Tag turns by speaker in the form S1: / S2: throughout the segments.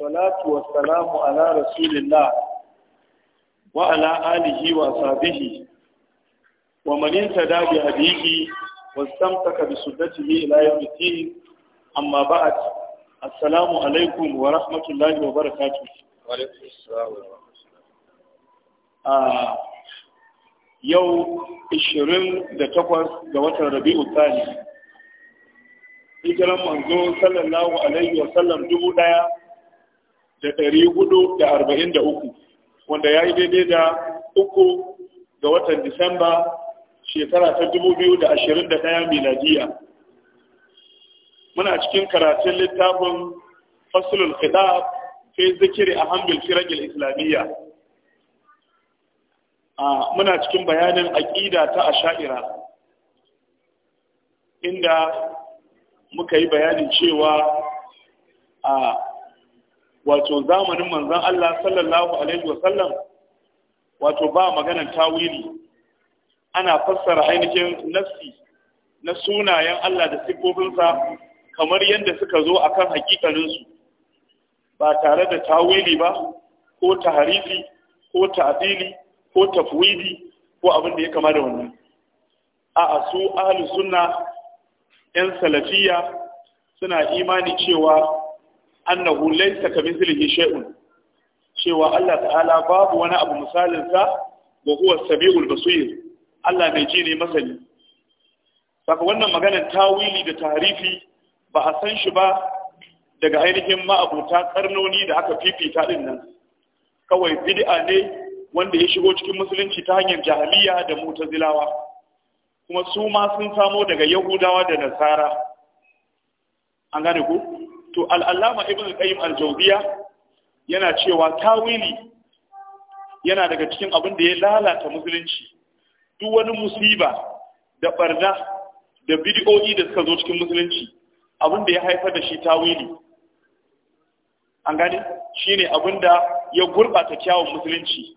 S1: والصلاة والسلام على رسول الله وعلى آله وصحبه ومن انتدى بهديه واستمتك بسدته إلى يوم الدين أما بعد السلام عليكم ورحمة الله وبركاته وعليكم السلام ورحمة الله آه يوم 28 ga watan Rabi'u الثاني Ijiran manzo sallallahu alaihi wasallam dubu ɗaya da ɗari hudu da arba'in da uku wanda ya yi daidai da uku ga watan disamba shekara ta dubu biyu da ashirin da ɗaya miladiya muna cikin karatun littafin fasulul fiɗa fi zikiri a hambil firagil islamiyya muna cikin bayanin aƙida ta a sha'ira. inda muka yi bayanin cewa a wato zamanin manzon Allah sallallahu alaihi wasallam wato ba maganan tawili ana fassara ainihin nassi na sunayen Allah da siffofinsa kamar yadda suka zo a kan hakikaninsu ba tare da tawili ba ko taharifi ko ta'dili ko tafwidi ko abin ya kama da wannan a su ahlus sunna yan salafiya suna imani cewa annahu laysa mithlihi shay'un cewa Allah ta'ala babu wani abu misalin sa wa huwa sabiul basir Allah mai ji ne masani saka wannan maganar tawili da tarifi ba a san shi ba daga ainihin ma'abuta karnoni da aka fifita din nan kawai bid'a ne wanda ya shigo cikin musulunci ta hanyar jahiliya da mutazilawa kuma su ma sun samo daga yahudawa da nasara an gane ku to al'allama ibn qayyim al-jawziya yana cewa tawili yana daga cikin abin da ya lalata musulunci duk wani musiba da barna da bidiyoyi da suka zo cikin musulunci abin da ya haifar da shi tawili an gane shine abin da ya gurɓata kyawun musulunci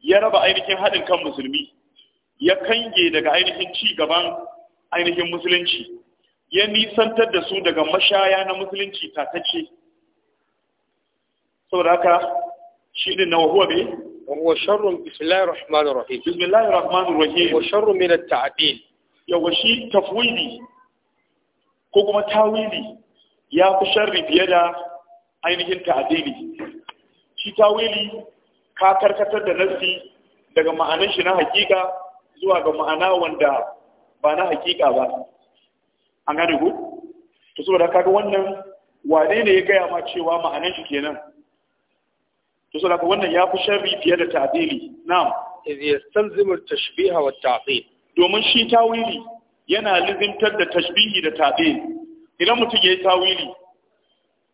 S1: ya raba ainihin haɗin kan musulmi ya kange daga ainihin ci gaban ainihin musulunci ya nisantar da su daga mashaya na musulunci tatacce saboda haka shi ne na wahuwa bai wa sharrun bismillahir rahmanir rahim bismillahir rahmanir rahim wa sharrun min at-ta'dil ya shi tafwidi ko kuma tawili ya fi sharri fiye da ainihin ta'dili shi tawili ka karkatar da nassi daga ma'anar shi na hakika zuwa ga ma'ana wanda ba na hakika ba an gane ku to saboda kaga wannan wane ne ya gaya ma cewa ma'anar shi kenan to saboda kaga wannan ya fi sharri fiye da ta'dili na'am iz yastalzimu tashbiha wa ta'dil domin shi tawili yana lizimtar da tashbihi da ta'dil idan mutum yayi tawili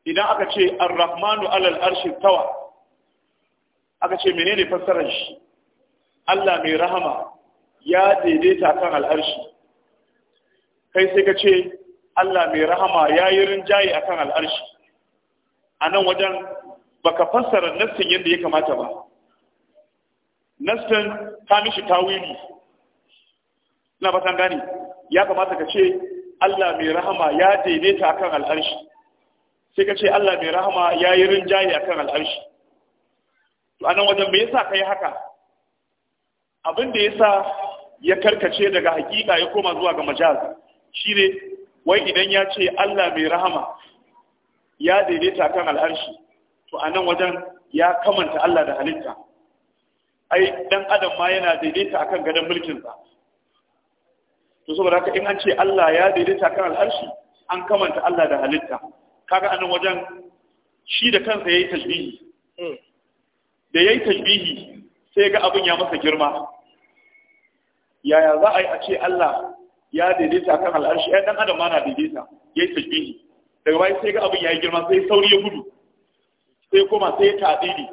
S1: idan aka ce ar-rahmanu alal arshi tawa aka ce menene fassarar shi Allah mai rahama ya daidaita kan al'arshi kai sai ka ce Allah mai rahama ya yi rinjaye a kan al'arshi a nan wajen ba ka fassara nassin yadda ya kamata ba nassin ta mishi tawili ina ba gani. ya kamata ka ce Allah mai rahama ya daidaita akan al'arshi sai ka ce Allah mai rahama ya yi rinjaye a akan al'arshi to nan wajen me yasa ka yi haka abin da ya sa ya karkace daga hakika ya koma zuwa ga majaz Shi ne, wai idan ya ce Allah mai rahama ya daidaita kan al'arshi to a nan wajen ya kamanta Allah da halitta ai dan adam ma yana daidaita akan gadon mulkinsa to saboda haka in an ce Allah ya daidaita kan al'arshi an kamanta Allah da halitta kaga anan wajen shi da kansa yayi tajbihi hmm. da yayi tajbihi sai ga abin ya masa girma yaya za a yi a ce Allah ya daidaita kan al'arshi ya dan adam ma na daidaita ya yi tajbihi daga bayan sai ga abin ya yi girma sai sauri ya gudu sai koma sai ya tadili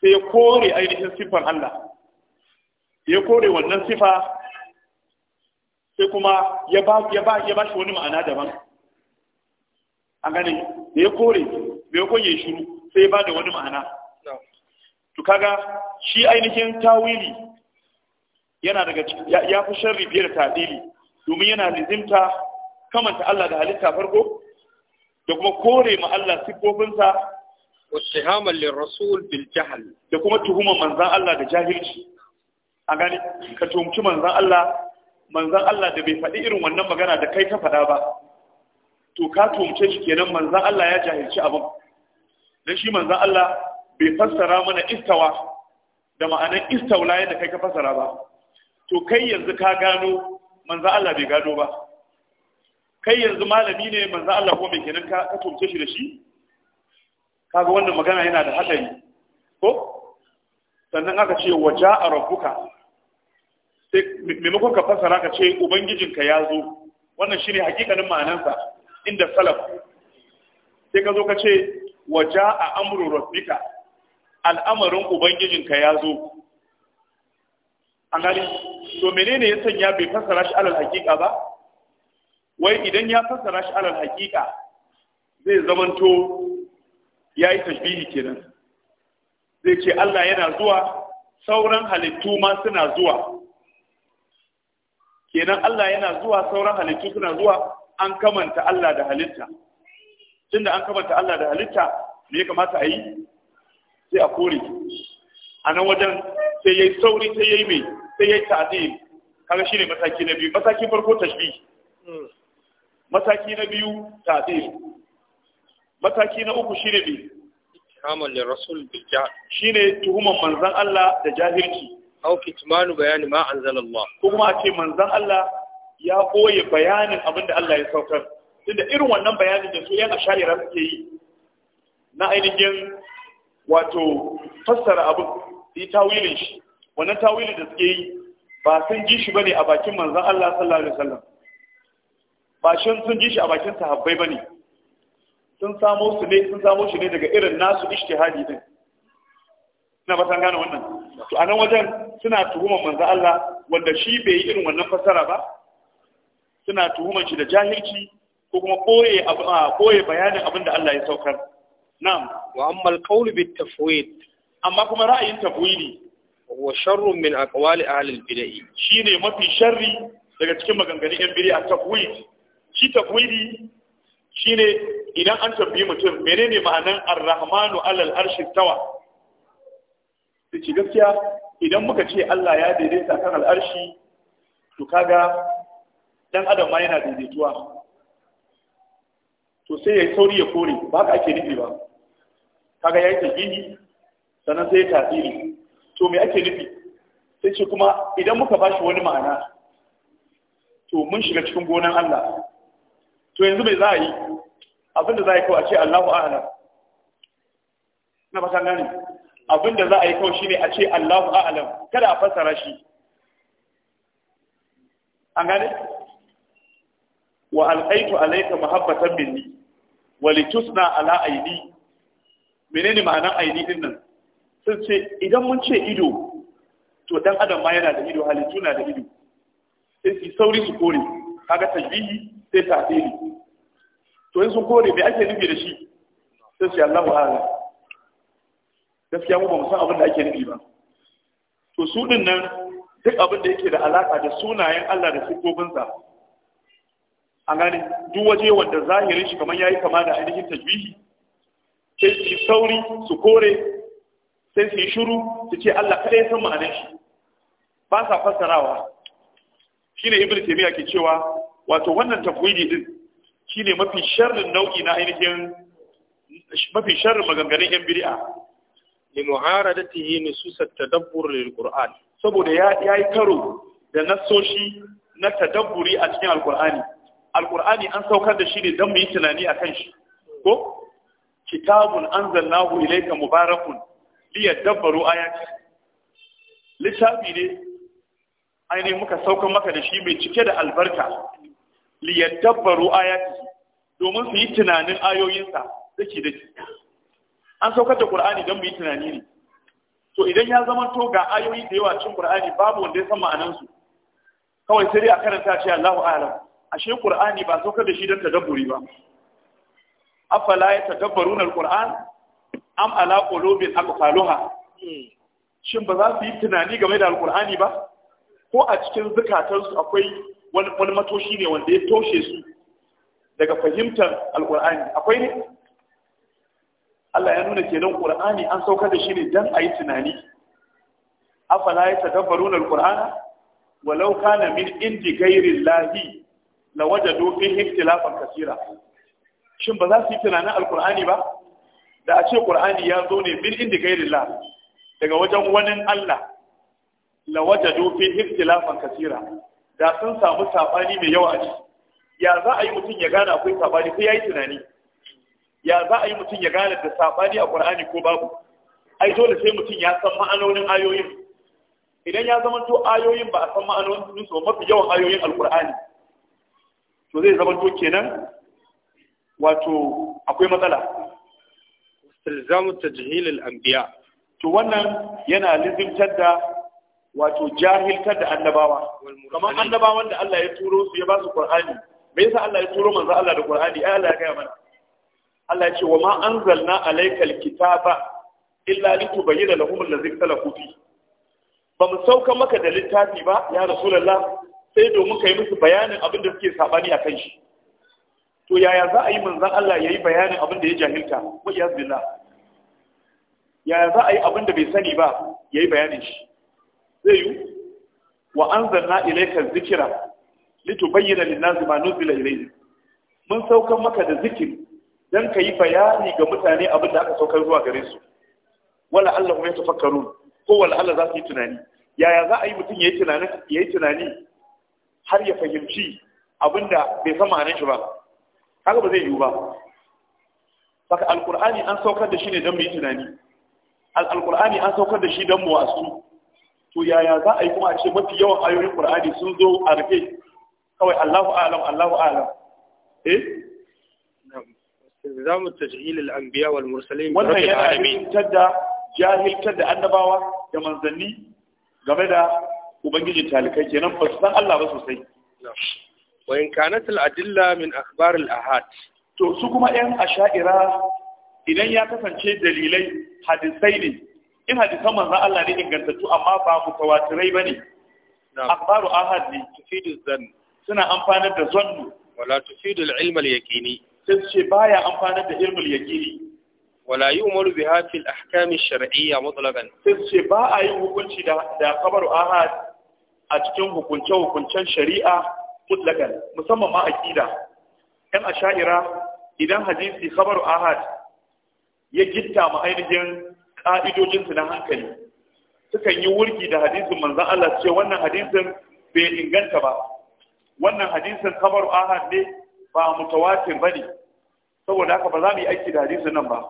S1: sai ya kore ainihin siffar Allah ya kore wannan sifa sai kuma ya ba ya ba ya ba shi wani ma'ana daban an gane da ya kore da ya koye shiru sai ba da wani ma'ana to kaga shi ainihin tawili yana daga ya fi sharri fiye da tadili domin yana lizimta kamanta Allah da halitta farko da kuma kore ma Allah siffofinsa wattihamal lirrasul bil jahl da kuma tuhuma manzan Allah da jahilci a gani ka tuhumci manzan Allah manzan Allah da bai faɗi irin wannan magana da kai ka faɗa ba to ka tuhumce shi kenan manzan Allah ya jahilci abin dan shi manzan Allah bai fassara mana istawa da ma'anar istaula yadda kai ka fassara ba to kai yanzu ka gano manzo Allah bai gado ba kai yanzu malami ne manzo Allah ko mai kenan ka tumce shi da shi kaga wannan magana yana da hadari ko sannan aka ce waje a rabbuka sai maimakon ka fasara ka ce ubangijinka ya zo wannan shi ne hakikanin ma'anansa inda salaf sai ka zo ka ce waje a amuru rabbika al'amarin ubangijinka ya zo an gani to menene ya sanya bai fassara shi alal hakika ba wai idan ya fassara shi alal hakika zai zamanto ya yi tashbihi kenan zai ce Allah yana zuwa sauran halittu ma suna zuwa kenan Allah yana zuwa sauran halittu suna zuwa an kamanta Allah da halitta tunda an kamanta Allah da halitta me ya kamata a yi sai a kore a nan wajen sai yayi sauri sai yayi mai sai ya yi ta'adil kaga shine mataki na biyu mataki farko tashbi mataki na biyu ta'adil mataki na uku shine bi kamar da rasul bil jahl shine tuhumar manzon Allah da jahilci aw kitmanu bayani ma anzalallah ko kuma a ce manzon Allah ya koye bayanin abin da Allah ya saukar tunda irin wannan bayanin da su yan ashari'a suke yi na ainihin wato fassara abin yi tawilin shi wannan tawili da suke yi ba sun ji shi bane a bakin manzon Allah sallallahu alaihi wasallam ba shin sun ji shi a bakin sahabbai bane sun samo su ne sun samo shi ne daga irin nasu ijtihadi din ina ba san gane wannan to anan wajen suna tuhuma manzon Allah wanda shi bai yi irin wannan fasara ba suna tuhumar shi da jahilci ko kuma koye abu koye bayanin abin da Allah ya saukar na'am wa amma al-qawl bit tafwid amma kuma ra'ayin tafwidi wa sharrun min aqwali ahli al-bid'ah shine mafi sharri daga cikin maganganun yan bid'a tafwid shi tafwidi shine idan an tambayi mutum menene ma'anan ar-rahmanu alal arshi tawa shi gaskiya idan muka ce Allah ya daidaita kan al'arshi to kaga dan adam ma yana daidaituwa to sai ya sauri ya kore ba ka ake nufi ba kaga yayi tafiyi sannan sai ya tasiri to me ake nufi sai ce kuma idan muka ba shi wani ma'ana to mun shiga cikin gonan Allah to yanzu mai za a yi abinda za a yi kawai a ce Allahu A'ala. na fata gane abinda za a yi kawai shine a ce Allahu A'ala. kada a fassara shi an gane wa alqaitu alayka mahabbatan minni wa litusna ala aini menene ma'anar aini din nan sun ce idan mun ce ido to dan adam ma yana da ido halittu na da ido sai su sauri su kore kaga tajbihi sai ta asiri to in sun kore me ake nufi da shi sai su Allahu a'lam gaskiya mu ba mu san abin da ake nufi ba to su din nan duk abin da yake da alaka da sunayen Allah da sifofinsa an gane duk waje wanda zahirin shi kamar yayi kama da ainihin tajbihi sai su sauri su kore sai su yi shuru su ce Allah kada ya san ma'anar shi ba sa fassarawa ne ibnu taimiyya ke cewa wato wannan tafwidi din shine mafi sharrin nau'i na ainihin mafi sharrin maganganun yan bid'a li mu'aradatihi nusus tadabbur lil saboda ya yi karo da nasoshi na tadabburi a cikin alqur'ani alqur'ani an saukar da shi ne dan mu yi tunani akan shi ko kitabun anzalnahu ilayka mubarakun liya dabbaru ayati littafi ne ainihin muka saukan maka da shi mai cike da albarka liya dabbaru ayati domin su yi tunanin ayoyinsa dake dake an saukar da ƙur'ani don mu yi tunani ne to idan ya zama to ga ayoyi da yawa cikin ƙur'ani, babu wanda ya san ma'anansu kawai sai a karanta shi Allahu a'lam ashe ƙur'ani ba saukar da shi don tadabburi ba afala na alquran am ala qulubin aqfaluha hmm. shin ba za su yi tunani game da alqur'ani ba ko a cikin zukatansu akwai wani matoshi ne wanda ya toshe su daga fahimtar alqur'ani akwai ne Allah ya nuna kenan qur'ani an saukar da shi ne dan yi tunani afala tadabbaruna alqur'ana walau kana min indi ghairi llahi lawajadu fihi ikhtilafan kaseera shin ba za su yi tunanin alqur'ani ba da a ce ƙur'ani ya zo ne min indi la daga wajen wani Allah la wajadu fi ikhtilafan kasira da sun samu sabani mai yawa a ciki ya za a yi mutum ya gane akwai sabani ko yi tunani ya za a yi mutum ya gane da sabani a ƙur'ani ko babu ai dole sai mutum ya san ma'anonin ayoyin idan ya zama to ayoyin ba a san ma'anonin su mafi yawan ayoyin alqur'ani to zai zama to kenan wato akwai matsala istilzamu tajhil anbiya to wannan yana lizimtar da wato jahiltar da annabawa kamar annabawan da Allah ya turo su ya ba su Qur'ani me yasa Allah ya turo manzo Allah da Qur'ani ai Allah ya gaya mana Allah ya ce wa ma anzalna alaykal kitaba illa litubayyana lahum allazi ikhtalafu fi ba mu sauka maka da littafi ba ya rasulullah sai domin kai musu bayanin abin da suke sabani akan shi to yaya za a yi manzan Allah ya yi bayanin abin da ya jahilta wa iya zila yaya za a yi abin da bai sani ba ya yi bayanin shi zai yi wa zanna ilayka zikira litubayyana bayyana nasi ma nuzila ilayhim mun saukan maka da zikir dan ka yi bayani ga mutane abin da aka saukar zuwa gare su wala Allah ya tafakkarun ko wala Allah za su yi tunani yaya za a yi mutum ya yi tunani har ya fahimci abin da bai san ma'anar shi ba kaga ba zai yiwu ba saka alkur'ani an saukar da shi ne don mu yi tunani alkur'ani an saukar da shi don mu wasu to yaya za a yi kuma a ce mafi yawan ayoyin qur'ani sun zo a rufe kawai Allahu a'lam Allahu a'lam eh استلزام تجهيل الانبياء والمرسلين برب العالمين tadda jahiltar da annabawa da manzanni game da ubangiji talikai kenan ba su san Allah ba sosai wa in kanat al min akhbar al-ahad to su kuma yan asha'ira idan ya kasance dalilai hadisai ne in hadisan manzon Allah ne ingantattu amma ba mutawatirai bane akhbaru ahad ne tufidu zan suna amfanar da zannu wala tufidu al-ilm al-yaqini sai ce baya amfanar da ilmul yaqini wala yu'malu biha fi al-ahkam ash-shar'iyya mutlaqan sai ce ba a yi hukunci da da ahad a cikin hukunce-hukuncen shari'a mutlakan musamman ma aqida yan asha'ira idan hadisi khabaru ahad ya gitta ma ainihin ka'idojin su na hankali sukan yi wurgi da hadisin manzon Allah ce wannan hadisin bai inganta ba wannan hadisin khabaru ahad ne ba mutawatir bane saboda haka ba za mu yi aiki da hadisin nan ba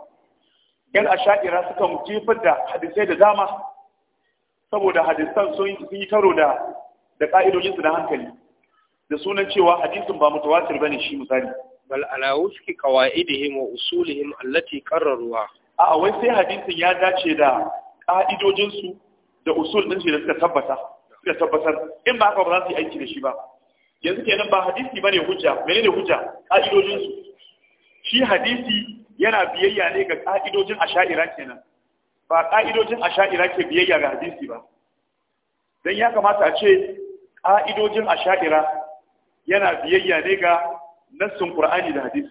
S1: yan asha'ira sukan jefar da hadisai da dama saboda hadisan sun yi karo da da ka'idojinsu na hankali da sunan cewa hadisin ba mutawatir bane shi misali bal ala wufqi qawaidihim wa usulihim allati qarraruha a wai sai hadisin ya dace da ka'idojin su da usul din shi da suka tabbata suka tabbatar in ba haka ba za su yi aiki da shi ba yanzu kenan ba hadisi bane hujja menene hujja ka'idojin su shi hadisi yana biyayya ne ga ka'idojin asha'ira kenan ba ka'idojin asha'ira ke biyayya ga hadisi ba dan ya kamata a ce ka'idojin asha'ira yana biyayya ne ga nassun Qur'ani da hadisi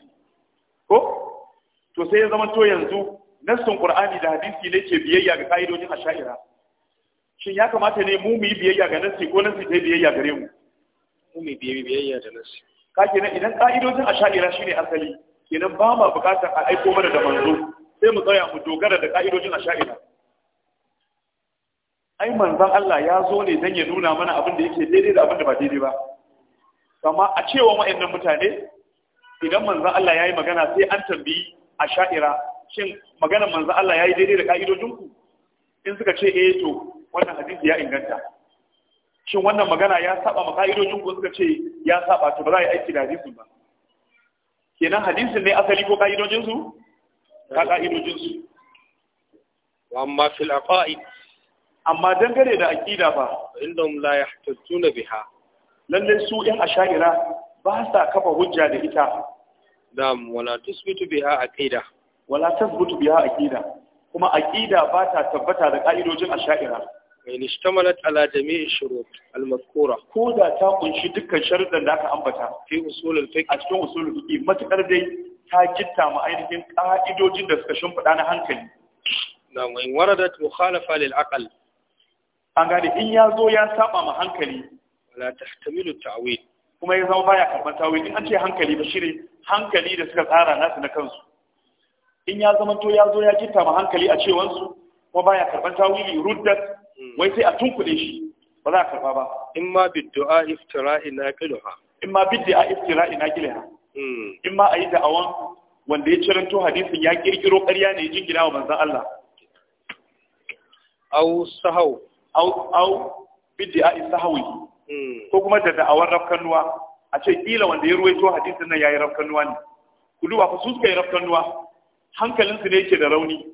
S1: ko to sai ya zama to yanzu nassun Qur'ani da hadisi ne ke biyayya ga kaidojin asha'ira shin ya kamata ne mu mu yi biyayya ga nassi ko nassi ta biyayya gare mu mu mu biyayya da nassi ka nan idan kaidojin asha'ira shine asali kenan ba ma bukatar a aiko mana da manzo sai mu tsaya mu dogara da ka'idojin asha'ira ai manzon Allah ya zo ne dan ya nuna mana abin da yake daidai da abin da ba daidai ba amma a cewa wa'annan mutane idan manzan Allah ya yi magana sai an tambayi a sha'ira shin magana manzan Allah ya yi daidai da ƙa'idojinku in suka ce eh to wannan hadisi ya inganta shin wannan magana ya saba ma ƙa'idojinku suka ce ya saba to ba za a yi aiki da hadisin ba kenan hadisin ne asali ko ƙa'idojinsu ka ƙa'idojinsu amma fil aqaid amma dangane da aqida ba indahum la yahtajuna biha Lallai su yan asha'ira ba sa kafa hujja da ita na'am wala tusbitu biha aqida wala tasbutu biha aqida kuma aqida ba ta tabbata da ka'idojin asha'ira Mai ishtamalat ala jami'i shurut al-mazkura ko da ta kunshi dukkan sharuɗan da aka ambata fi usul fiqh a cikin usul al-fiqh matakar dai ta kitta mu ainihin ka'idojin da suka shimfiɗa na hankali na in waradat mukhalafa lil aql an gane in ya zo ya saba ma hankali wala tahtamilu ta'wil kuma ya zama baya karɓar tawil in an ce hankali ba shine hankali da suka tsara nasu na kansu in ya zama to ya zo ya gitta ma hankali a cewansu, su kuma baya karɓar tawili ruddat hmm. wai sai a tunkuɗe shi ba za a karba ba in ma bid'a iftira'i naqiluha in ma bid'a iftira'i naqiluha hmm. in ma ayi da'awan wanda ya ciranto hadisin ya kirkiro ƙarya ne jingina wa manzon Allah au sahau au aw bid'a sahawi ko kuma da da'awar rafkanuwa a ce kila wanda ya ruwaito hadisin nan yayi rafkanuwa ne ku duba fa su suka yi rafkanuwa hankalinsu ne yake da rauni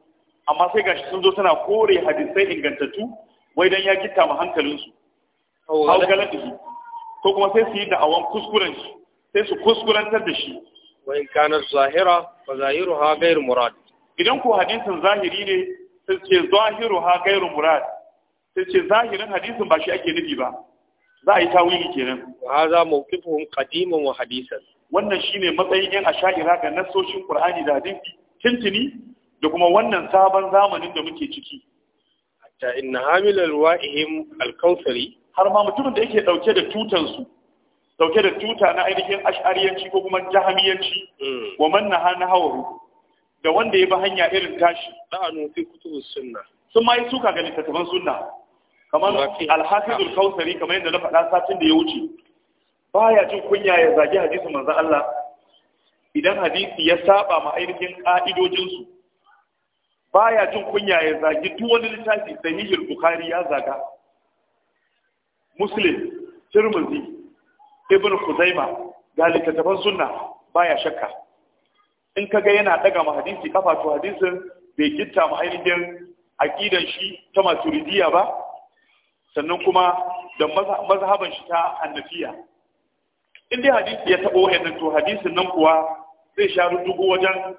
S1: amma sai gashi sun zo suna kore hadisai ingantattu wai dan ya gitta ma hankalinsu hau galadi ko kuma sai su yi da'awan kuskuren shi sai su kuskurantar da shi wai in kana zahira fa zahiruha ghairu murad idan ko hadisin zahiri ne sai ce zahiruha ghairu murad sai ce zahirin hadisin ba shi ake nufi ba za a yi tawili kenan wa hadha mawqifuhum qadiman wa hadisan wannan shine matsayin yan asha'ira ga nasoshin qur'ani da hadin tintini da kuma wannan sabon zamanin da muke ciki hatta inna hamil alwa'ihim alkawthari har ma mutumin da yake dauke da tutan su da tuta na ainihin ash'ariyanci ko kuma jahamiyanci hmm. wa man naha nahawu da wanda ya bi hanya irin tashi Za a nufi kutubus sunna sun ma yi suka ga littattafan sunna kamar alhafizul kausari kamar yadda na faɗa satin da ya wuce baya jin kunya ya zagi hadisin manzo Allah idan hadisi ya saba ma ainihin ka'idojin su baya jin kunya ya zagi duk wani littafi sahihul bukhari ya zaga muslim tirmidhi ibn khuzaima ga littattafan sunna baya shakka in kaga yana daga ma hadisi kafa to hadisin bai gitta ma ainihin aqidan shi ta maturidiyya ba sannan kuma da mazhaban shi ta annafiya in dai hadisi ya tabo wayannan to hadisin nan kuwa zai sha dubu wajen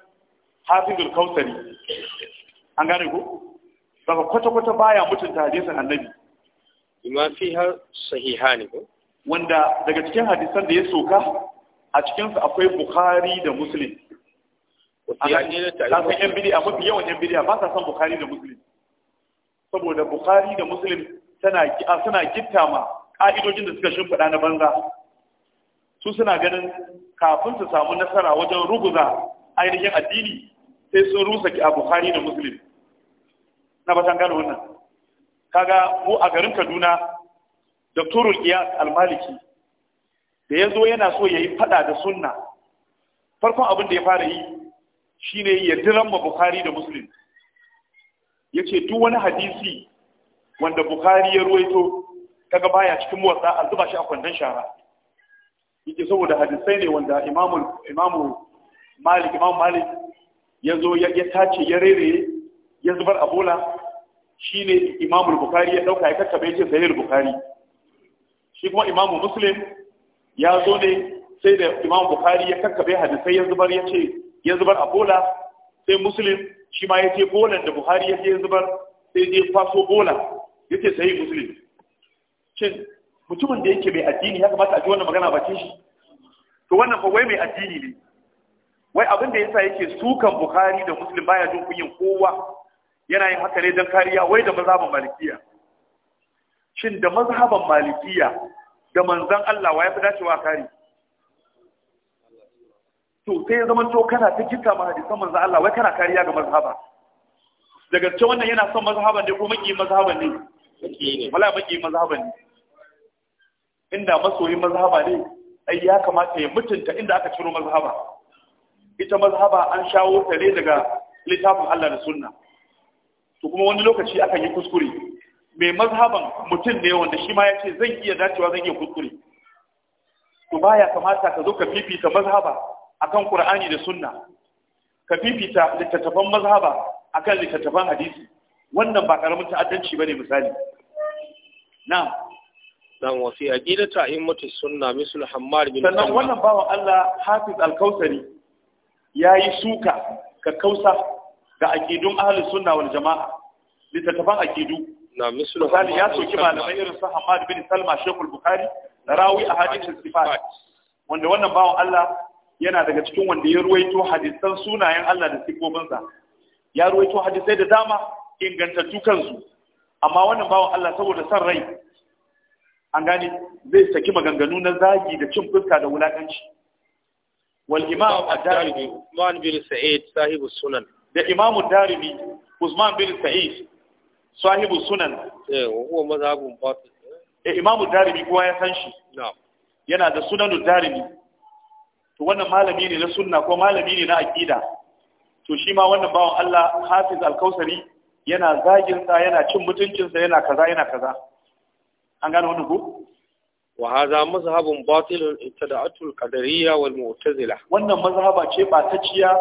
S1: hafizul kausari an gane ko daga kwata-kwata baya mutunta hadisin annabi bima fi har sahihani ko wanda daga cikin hadisan da ya soka a cikin su akwai bukhari da muslim kasan yan bidiya mafi yawan yan bidiya ba sa son bukhari da muslim saboda bukhari da muslim suna gitta ma ƙa'idojin da suka shimfiɗa na banza su suna ganin kafin su samu nasara wajen ruguza ainihin addini sai sun rusa ki a da musulun na batan gano wannan kaga mu a garin kaduna turu iyas almaliki da ya zo yana so ya yi fada da sunna farkon abin da ya fara yi shine ya diran ma buhari da musulun ya ce duk wani hadisi wanda bukari ya ruwaito kaga baya cikin motsa an zuba shi a kwandon shara yake saboda hadisai ne wanda imamu imamu Malik imamu Malik ya zo ya tace ya rere ya zubar a bola shine imamu bukari ya dauka ya kakkabe yake sahih bukari shi kuma imamu Muslim ya zo ne sai da imamu bukari ya kakkabe hadisai ya zubar ya ce ya zubar a bola sai Muslim shi ma ya ce bolan da Buhari ya ya zubar sai ya kwaso bola yake sai musulmi shin mutumin da yake mai addini ya kamata a ji wannan magana bakin shi to wannan fa wai mai addini ne wai abin da yasa yake sukan bukhari da muslim baya jin kunyin kowa yana yin haka ne don kariya wai da mazhaban malikiya shin da mazhaban malikiya da manzan Allah wa ya fi dacewa kare to sai ya zama to kana ta kika ma hadisan manzon Allah wai kana kariya ga mazhaba daga cewa wannan yana son mazhaban ne ko maki mazhaban ne wala baki mazhaban ne inda masoyi mazhaba ne ai ya kamata ya mutunta inda aka ciro mazhaba ita mazhaba an shawo ta ne daga littafin Allah da sunna to kuma wani lokaci aka yi kuskure mai mazhaban mutum ne wanda shi ma ya ce zan iya dacewa zan iya kuskure to baya kamata ka zo ka fifita mazhaba akan Qur'ani da sunna ka fifita littattafan mazhaba akan littattafan hadisi wannan ba karamin ta'addanci bane misali na'am dan wasi aqidatu a'immatus sunna misal hammar bin sannan wannan bawan Allah Hafiz al-Kausari yayi suka ka kausa ga aqidun ahlus sunna wal jama'a littattafan aqidu na misal misali ya soki malamai irin su Hammad bin Salma Sheikh al-Bukhari rawi ahadith sifat wanda wannan bawan Allah yana daga cikin wanda ya ruwaito hadisan sunayen Allah da sifofinsa ya ruwaito hadisai da dama ingantattu kansu amma wannan bawan Allah saboda san rai an gane zai saki maganganu na zagi da cin fuska da wulakanci wal imam ad-darimi Usman bin Sa'id sahibu sunan da imam ad-darimi Usman bin Sa'id sahibu sunan eh huwa mazhabun batil eh imam ad-darimi kowa ya san shi na'am yana da sunan ad-darimi to wannan malami ne na sunna ko malami ne na aqida to shi ma wannan bawan Allah Hafiz al-Kausari yana zagin sa yana cin mutuncin sa yana kaza yana kaza an gano wannan ko wa hadha mazhabun batilun ibtada'atul qadariyya wal mu'tazila wannan mazhaba ce ba ta ciya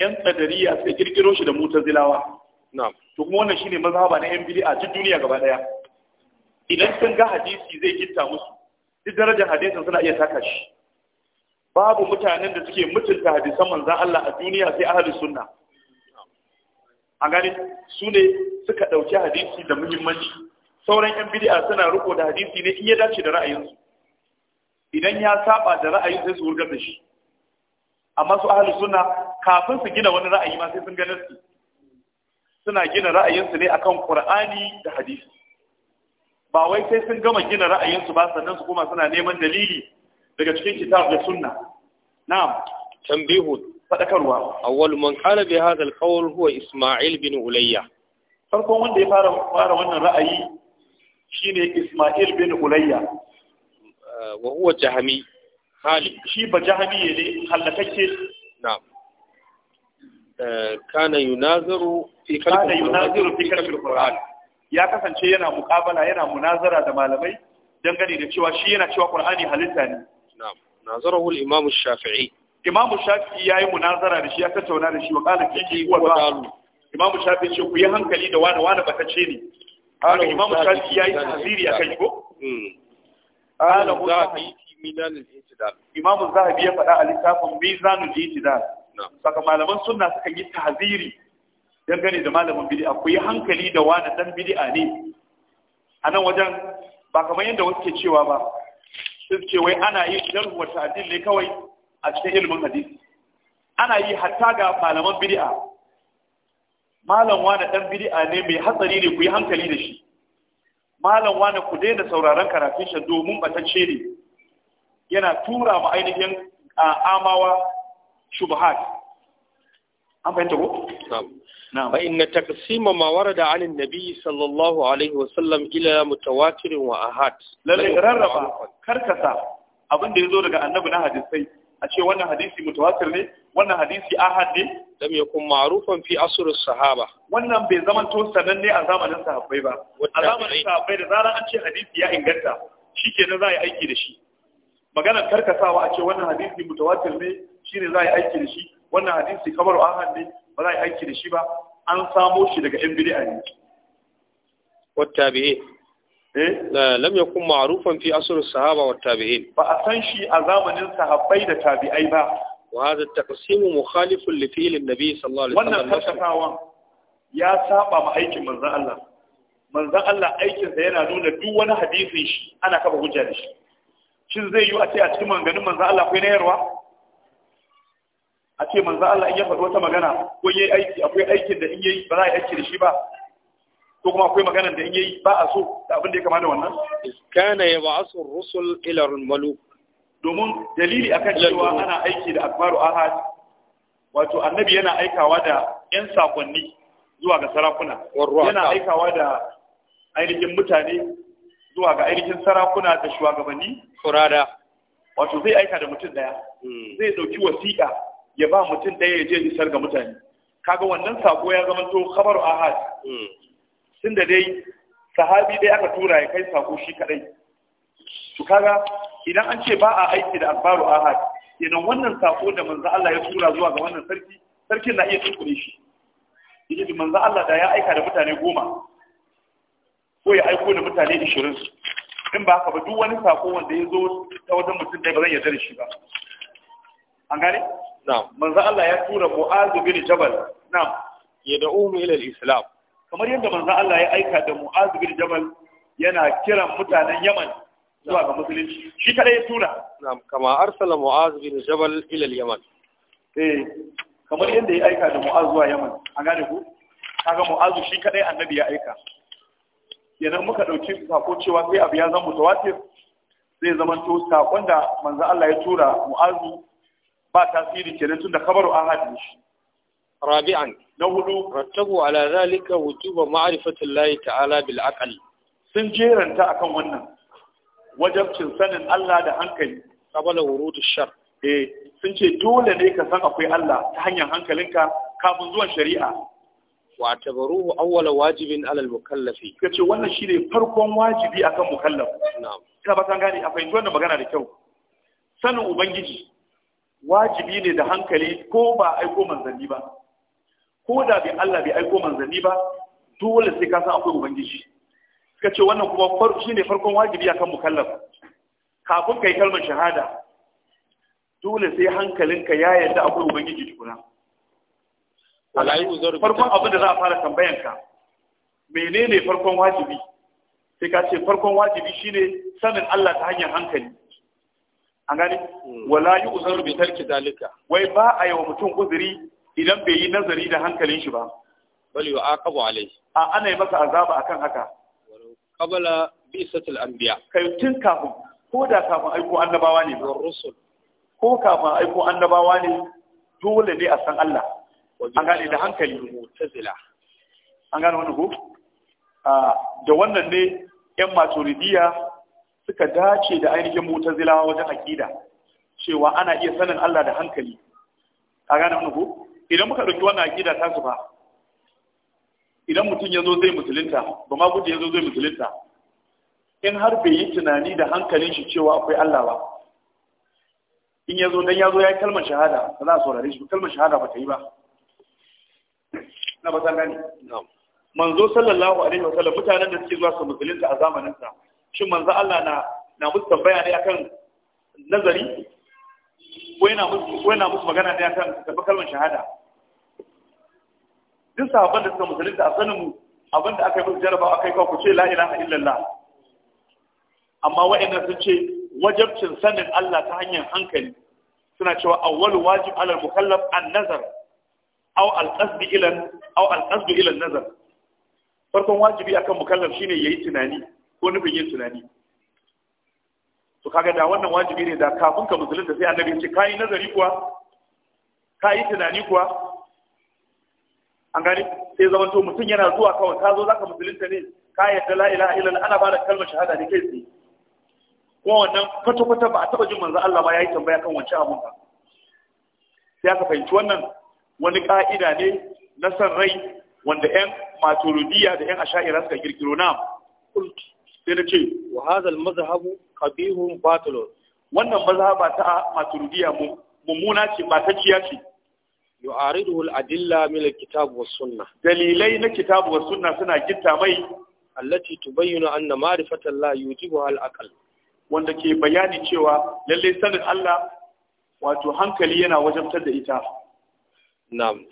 S1: yan qadariyya sai kirkiro shi da mu'tazilawa na'am to kuma wannan shine mazhaba na yan bid'a cikin duniya gaba daya idan sun ga hadisi zai kitta musu duk darajar hadisin suna iya taka shi babu mutanen da suke mutunta hadisan manzon Allah a duniya sai ahlus sunna a gani su ne suka ɗauki hadisi da muhimmanci sauran yan bidi'a suna riko da hadisi ne in ya dace da ra'ayinsu idan ya saba da ra'ayin sai su wurgar da shi amma su ahlus suna kafin su gina wani ra'ayi ma sai sun ga su. suna gina ra'ayinsu ne akan qur'ani da hadisi ba wai sai sun gama gina ra'ayinsu ba sannan su kuma suna neman dalili daga cikin kitab da sunna na'am tanbihu fadakarwa awwal man qala bi hadha al-qawl huwa Isma'il bin Ulayya farkon wanda ya fara fara wannan ra'ayi shine Isma'il bin Ulayya wa huwa jahmi hali shi ba jahmi ne halakake na'am eh, kana yunaziru fi kana yunaziru fi kalbin Qur'an ya kasance yana muqabala yana munazara da malamai dangane da cewa shi yana cewa Qur'ani halitta ne na'am nazarahu al-Imam Shafi'i imamu shafi ya yi munazara da shi ya tattauna da shi wa kala kiji wa ta'alu imamu shafi ce ku yi hankali da wani wani batacce ne haka imamu shafi ya yi tasiri a kai ko hmm. ala zahabi imamu zahabi ya faɗa a littafin mizanul da. saka malaman sunna suka yi tahziri dangane da malamin bid'a ku yi hankali da wani dan bid'a ne a nan wajen ba kamar yadda wasu ke cewa ba sai ce wai ana yin jarhu wa ta'dil ne kawai a cikin ilimin hadisi ana yi hatta ga malaman bid'a Malamwa da dan bid'a ne mai hatsari ne ku yi hankali da shi Malamwa ne ku daina sauraron karatun shi domin batacce ne yana tura mu ainihin amawa an fahimta ko? Na'am. Fa inna taqsima ma warada 'ala an-nabi sallallahu alaihi wa sallam ila mutawatirin wa ahad. Lalle rarraba karkasa abin da yazo daga annabi na hadisai a ce wannan hadisi mutawatir ne wannan hadisi ahad ne lam yakun ma'rufan fi asrus sahaba wannan bai zaman to sananne a zamanin sahabbai ba a zamanin sahabbai da zaran an ce hadisi ya inganta shikenan za a yi aiki da shi maganar karkasawa a ce wannan hadisi mutawatir ne shine za a yi aiki da shi wannan hadisi kamar ahad ne ba za a yi aiki da shi ba an samo shi daga yan bid'a ne Eh? lam yakun ma'rufan fi asr as-sahaba wa tabi'in ba a san shi a zamanin sahabbai da tabi'ai ba wa hadha at-taqsim mukhalif li fi'l an-nabi sallallahu alaihi wasallam wannan karkatawan ya saba ma aikin manzon Allah manzon Allah aikin sa yana nuna duk wani hadisin shi ana kafa hujja da shi shin zai yi a ce a cikin manganin manzon Allah akwai nayarwa a ce manzon Allah in ya faɗi wata magana ko yayi aiki akwai aikin da in yayi ba za a yi aiki da shi ba ko kuma akwai maganar da in yayi ba a so da abin da ya kama da wannan kana ya asu rusul ila al-maluk domin dalili akan cewa ana aiki da akbaru ahad wato annabi yana aikawa da yan sakonni zuwa ga sarakuna yana aikawa da ainihin mutane zuwa ga ainihin sarakuna da shugabanni furada wato zai aika da mutum daya hmm. zai dauki wasiƙa ya ba mutum daya ya je ya ga mutane kaga wannan sako ya zama to khabaru ahad hmm. tun da dai sahabi dai aka tura ya kai sako shi kadai to kaga idan an ce ba a aiki da akbaru ahad idan wannan sako da manzo Allah ya tura zuwa ga wannan sarki sarkin na iya tukure shi yake manzo Allah da ya aika da mutane goma ko ya aiko da mutane 20 in ba haka ba duk wani sako wanda ya zo ta wajen mutum ɗaya ba zan yarda da shi ba an gane na'am manzo Allah ya tura Mu'adh bin Jabal na'am yad'u ila al-islam kamar yadda manzon Allah ya aika da Mu'az bin Jabal yana kiran mutanen Yaman zuwa ga musulunci shi kada ya tura na'am kama arsala Mu'az bin Jabal ila Yaman eh kamar yadda ya aika da Mu'az zuwa Yaman an gane ku kaga Mu'az shi kadai annabi ya aika kenan muka dauki sako cewa sai abu ya zama mutawatir zai zama to sakon da manzon Allah ya tura Mu'az ba tasiri kenan tunda kabaru ahadi shi rabi'an na hudu rattabu ala zalika wujuba ma'rifatillahi ta'ala bil aqli sun jeranta akan wannan wajabcin sanin Allah da hankali qabala wurudu shar eh sun ce dole ne ka san akwai Allah ta hanyar hankalinka kafin zuwan shari'a wa tabaruhu awwala wajibin alal mukallafi kace wannan shine farkon wajibi akan mukallaf na'am ina ba san gane a fahimci wannan magana da kyau sanin ubangiji wajibi ne da hankali ko ba aiko manzanni ba ko da bai Allah bai aiko manzanni ba dole sai ka san akwai ubangiji suka ce wannan kuma farko ne farkon wajibi akan mukallaf kafin kai kalmar shahada dole sai hankalinka ya yarda akwai ubangiji tukuna farkon abin da za a fara tambayanka menene farkon wajibi sai ka ce farkon wajibi shine sanin Allah ta hanyar hankali an gani hmm. wala yi uzaru bi tarki dalika wai ba a yi wa mutum uzuri idan bai yi nazari da hankalin shi ba wa aqabu alayhi a ana yi masa azaba akan haka qabla bisatil anbiya kai tun kafin ko da kafin aiko annabawa ne wa rusul ko kafin aiko annabawa ne dole ne a san Allah an gane da hankali mu'tazila an gane wannan ko da wannan ne yan maturidiya suka dace da ainihin mutazilawa wajen akida cewa ana iya sanin Allah da hankali a gane wannan ko idan muka ɗauki wannan aƙida ta su ba idan mutum ya zo zai musulunta ba ma guje ya zo zai musulunta in har bai yi tunani da hankalin shi cewa akwai Allah ba in ya zo don ya zo ya yi kalmar shahada ba za a saurare shi kalmar shahada ba ta yi ba na ba ta gani manzo sallallahu alaihi wa sallam mutanen da suke zuwa su musulunta a zamanin sa shin manzo Allah na na musu tambaya ne akan nazari ko yana musu ko yana musu magana ne akan tafi kalmar shahada duk sahabban da suka musulunta a sanin mu abin da aka yi musu jarabawa aka yi ku ce la ilaha illallah amma wa'annan sun ce wajabcin sanin Allah ta hanyar hankali suna cewa awwal wajib alal mukallaf an nazar aw al qasd ila aw al qasd ila nazar farkon wajibi akan mukallaf shine yayi tunani ko nufin yin tunani to kaga da wannan wajibi ne da kafin ka musulunta sai annabi ya ce kai nazari kuwa kai tunani kuwa an gani sai zama to mutum yana zuwa kawai ka zo zaka musulunta ne ka yadda la ilaha illallah ana bada kalmar shahada ne kai tsaye kuma wannan kwata kwata ba a taba jin manzo Allah ba yayi tambaya kan wancan abun ba sai aka fahimci wannan wani ka'ida ne na san rai wanda yan maturidiyya da yan asha'ira suka kirkiro na sai na ce wa hazal mazhabu qabihun batilun wannan mazhaba ta maturidiyya mummuna ce ba ta ciya ce yu'ariduhu al-adilla min al-kitab was dalilai na kitab was sunnah suna gitta mai allati tubayyana anna ma'rifatan la yujibu al-aql wanda ke bayani cewa lalle sanin Allah wato hankali yana wajabtar da ita na'am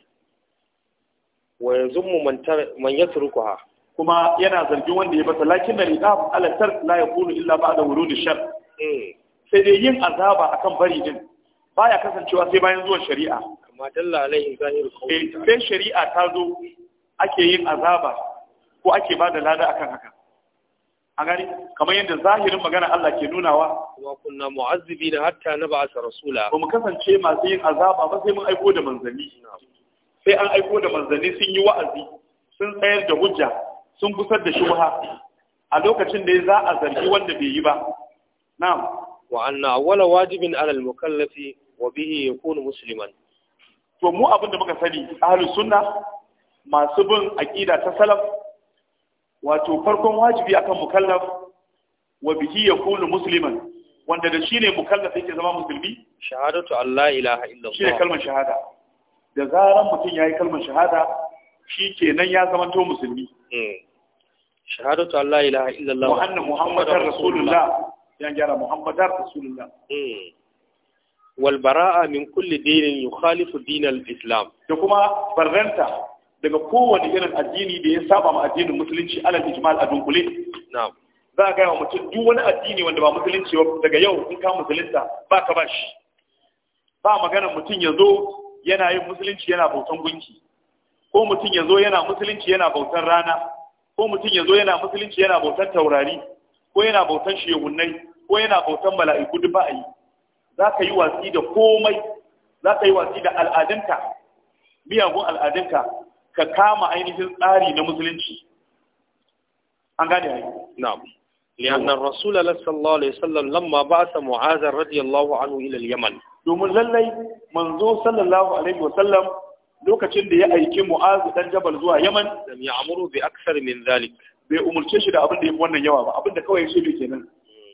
S1: wa yazummu man man yatrukuha kuma yana zargin wanda ya bata lakin da riqab ala tark la yakunu illa ba'da wurudi shar hmm. sai dai yin azaba akan bari din baya kasancewa sai bayan zuwan shari'a ma dalla alaihi zahirul qawl eh, sai shari'a ta zo ake yin azaba ko ake ba da lada akan haka a gani kamar yadda zahirin magana Allah ke nunawa wa kunna mu'azzibina hatta nab'asa rasula ba mu kasance masu yin azaba ba sai mun aiko da manzanni sai an aiko da manzanni sun yi wa'azi sun tsayar da hujja sun gusar da shubha a lokacin da za a zargi wanda bai yi ba na'am wa anna awwala wajibin alal mukallafi wa bihi yakunu musliman to mu abin da muka sani ahlus sunna masu bin aqida ta salaf wato farkon wajibi akan mukallaf wa bihi yakunu musliman wanda da shine mukallaf yake zama musulmi shahadatu alla ilaha illallah shine kalmar shahada da zaran mutum yayi kalmar shahada shi kenan ya zama to musulmi hmm. shahadatu alla ilaha illallah wa anna muhammadar rasulullah yan gyara muhammadar rasulullah hmm. walbara'a min kulli dinin yukhalifu dinal islam da kuma barranta daga kowane irin addini da ya saba ma addinin musulunci alal ijmal a dunkule na'am za a gaya wa mutum duk wani addini wanda ba musulunci ba daga yau in ka musulunta ba ka ba shi ba maganar mutum ya zo yana yin musulunci yana bautan gunki ko mutum ya zo yana musulunci yana bautan rana ko mutum ya zo yana musulunci yana bautan taurari ko yana bautan shehunnai ko yana bautan mala'iku duk ba a yi za ka yi watsi da komai za ka yi watsi da al'adunka miyagun al'adunka ka kama ainihin tsari na musulunci an gane ai na'am لأن الرسول صلى الله عليه وسلم لما بعث معاذ رضي الله عنه إلى اليمن domin lallai manzo sallallahu alaihi wasallam lokacin da ya aiki mu'azu dan jabal zuwa yaman lam ya'muru bi aksar min zalik bai umurce shi da abin da yafi wannan yawa ba abin da kawai shi kenan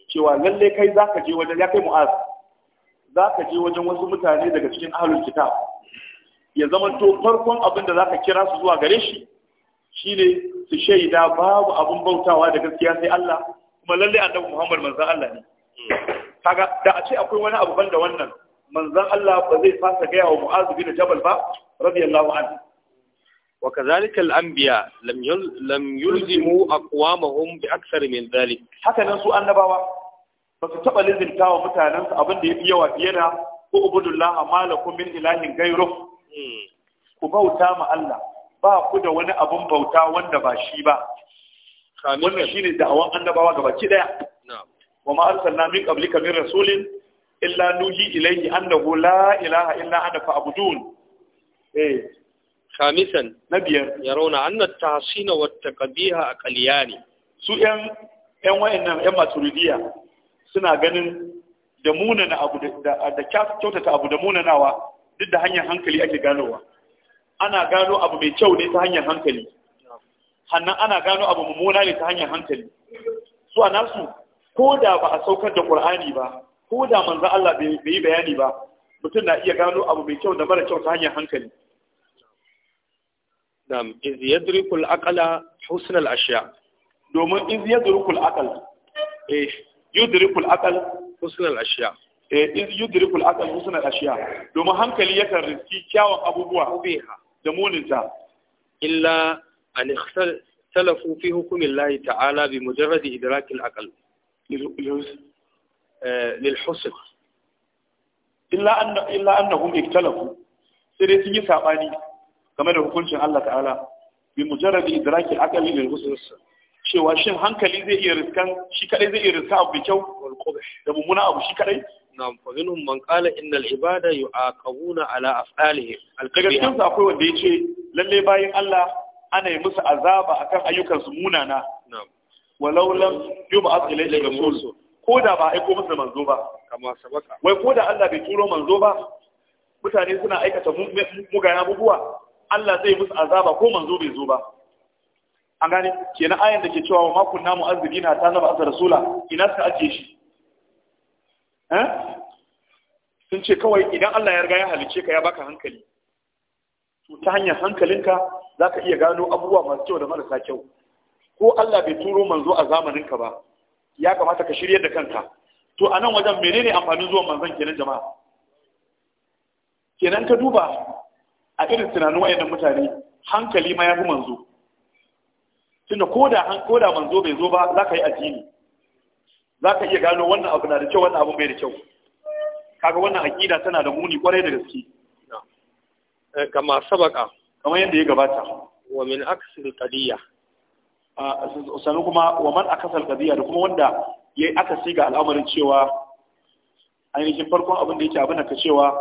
S1: cewa lallai kai zaka je wajen ya kai mu'az za ka je wajen wasu mutane daga cikin ahalul kitab ya zama to farkon abin da za ka kira su zuwa gare shi shine su shaida babu abin bautawa da gaskiya sai Allah kuma lalle annabi Muhammad manzon Allah ne kaga da a ce akwai wani abu banda wannan manzon Allah ba zai fasa gaya wa Mu'az bin Jabal ba radiyallahu anhu وكذلك الأنبياء لم يل... لم يلزموا أقوامهم بأكثر من ذلك. هكذا su Annabawa. ba su taɓa lizinta wa mutanensu abin da ya fi yawa fiye da ko ubudullah malakum min ilahin gairu hmm. ku bauta ma Allah ba ku da wani abin bauta wanda ba shi ba wannan shine da'awan annabawa gabaki daya wa ma arsalna min qablika min rasulin illa nuhi ilayhi annahu la ilaha illa ana fa'budun eh khamisan nabiyar yarawna anna at-tahsin wa at-taqbiha aqliyani su yan yan wayannan yan maturidiya suna ganin da munana abu da kyautata abu da munanawa duk da hanyar hankali ake ganowa ana gano abu mai kyau ne ta hanyar hankali hannan ana gano abu mummuna ne ta hanyar hankali su a nasu ko da ba a saukar da ƙur'ani ba ko da manzan Allah bai yi bayani ba mutum na iya gano abu mai kyau da mara kyau ta hanyar hankali nam iz yadrikul aqla husnal ashya domin iz yadrikul aql eh yudrikul aqal husnul ashiya eh yudrikul aqal husnul ashiya domin hankali yakan riski kyawun abubuwa da muninta illa an ikhtalafu fi hukmi Allah ta'ala bi mujarrad idrak al-aqal lil eh, husn illa anna illa annahum ikhtalafu sai dai sun yi sabani game da hukuncin Allah ta'ala bi mujarrad idrak cewa shin hankali zai iya riskan shi kadai zai iya riska abu kyau da mummuna abu shi kadai na'am fa minhum man qala innal ibada yu'aqabuna ala af'alihim daga cikin sa akwai wanda yace lalle bayin Allah ana yi musu azaba akan ayyukan su munana na'am walau lam yub'ath ilayhi rasul ko da ba aiko musu manzo ba kama sabaka wai ko da Allah bai turo manzo ba mutane suna aikata mugayen abubuwa Allah zai musu azaba ko manzo bai zo ba an gane kenan ayan da ke cewa wa makun namu arziki na ta zama asa sula, ina suka ajiye shi eh? sun ce kawai idan Allah ya riga ya halice ka ya baka hankali to ta hanyar hankalinka za ka iya gano abubuwa masu kyau da marasa kyau ko Allah bai turo manzo a zamanin ka ba ya kamata ka shirya da kanka to a nan wajen menene amfanin zuwan manzon kenan jama'a kenan ka duba a irin tunanin wayannan mutane hankali ma ya fi manzo tunda da han da manzo bai zo ba za ka yi addini za ka iya gano wannan abu na da kyau wannan abu bai da kyau kaga wannan aqida tana da muni kwarai da gaske eh, kama sabaka kamar yadda ya gabata wa min aksil qadiyya sanu kuma wa man aksal qadiyya da kuma wanda yayi akasi ga al'amarin cewa ainihin farkon abin da yake abin da ka cewa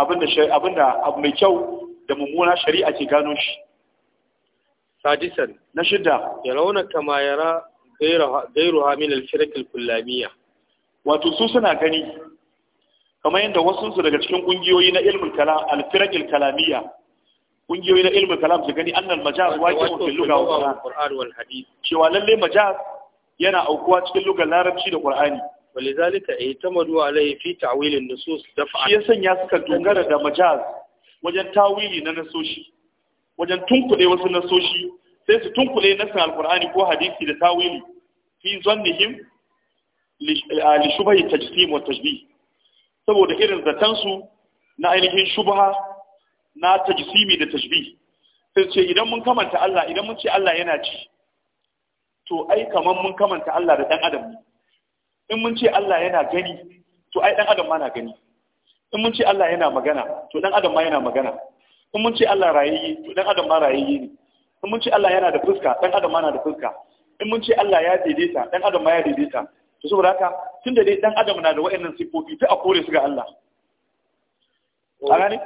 S1: abin da abin da abu mai kyau da mummuna shari'a ke gano shi sadisan na shida ya rauna kama yara gairu hamin alfirakil kullamiyya wato su suna gani Kama yadda wasu su daga cikin kungiyoyi na ilmin kalam alfirakil kalamiyya kungiyoyi na ilmin kalam su gani annan, majaz wajen fil lugha wal qur'an wal hadith cewa lalle majaz yana aukuwa cikin lugar larabci da qur'ani walidhalika itamadu alayhi fi ta'wil an-nusus daf'a shi ya sanya suka dogara da majaz wajen tawili na nasoshi wajen tunkuɗe wasu nasoshi sai su tunkuɗe nasin alkur'ani ko hadisi da tawili fi zannihim li shubahi tajsim wa tashbih saboda irin zaton su na ainihin shubha na tajsimi da tashbih sai ce idan mun kamanta Allah idan mun ce Allah yana ci to ai kaman mun kamanta Allah da dan adam ne. in mun ce Allah yana gani to ai dan adam ma na gani in mun ce Allah yana magana to dan adam ma yana magana in mun ce Allah rayayye to dan adam ma rayayye ne in mun ce Allah yana da fuska dan adam ma na da fuska in mun ce Allah ya daidaita dan adam ma ya daidaita to saboda haka tunda dai dan adam na da wayannan sifofi ta a kore su ga Allah a gane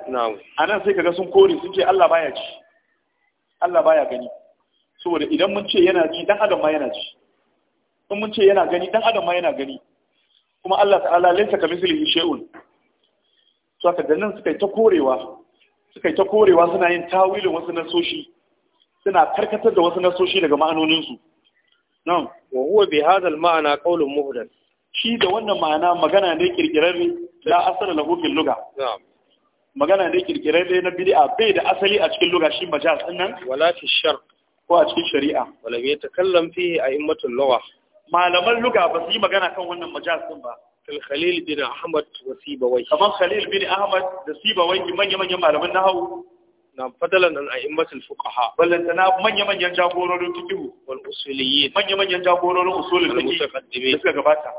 S1: a nan sai kaga sun kore sun ce Allah baya ci Allah baya gani saboda idan mun ce yana ji dan adam ma yana ji in mun ce yana gani dan adam ma yana gani kuma Allah ta'ala laysa kamithlihi shay'un to haka nan suka yi ta korewa suka yi ta korewa suna yin tawilin wasu nasoshi suna karkatar da wasu nasoshi daga ma'anoninsu nan wa huwa bi hadal ma'ana ƙaunin muhdath shi da wannan ma'ana magana ne kirkirarre da asali na hukin luga magana ne kirkirarre na bid'a bai da asali a cikin luga shi majaz nan wala fi shar ko a cikin shari'a wala bi takallam fihi a'immatul lugha malaman luga ba su yi magana kan wannan majas din ba Khalil bin Ahmad wa Sibawai. Kamar Khalil bin Ahmad da Sibawai manya-manyan malaman nahawu. Na fadalan an a'immatul fuqaha. Ballantana manya-manyan jagororin fiqh wal usuliyyin. Manya-manyan jagororin usulul fiqh da suka gabata.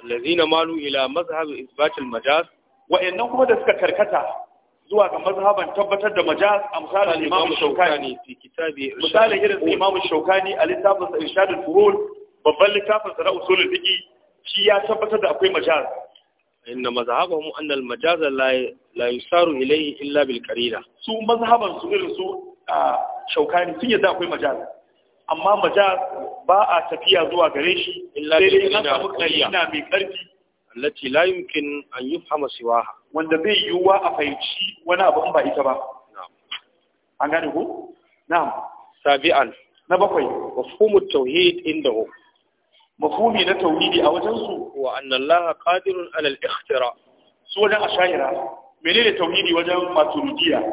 S1: Wallazina malu ila mazhab isbatul majaz. Wa'annan kuma da suka karkata zuwa ga mazhaban tabbatar da majaz a misalin Imam Shaukani fi kitabi misalin irin Shaukani a littafin sa babban littafin na usulul shi ya tabbatar da akwai majaz inna mazhabahum anna al-majaz la yusaru ilayhi illa bil qarina su mazhaban su irin su shaukani sun yadda akwai majaz amma majaz ba a tafiya zuwa gare shi illa bil qarina mai karfi allati la yumkin an yufhama siwaha wanda bai yiwuwa a fahimci wani abu in ba ita ba an gane ku na'am sabi'an na bakwai mafhumut tauhid indahu mafhumi na tauhidi a wajen su wa annallaha allaha qadirun ala al-ikhtira
S2: su wajen ashaira
S1: menene tauhidi wajen maturidiya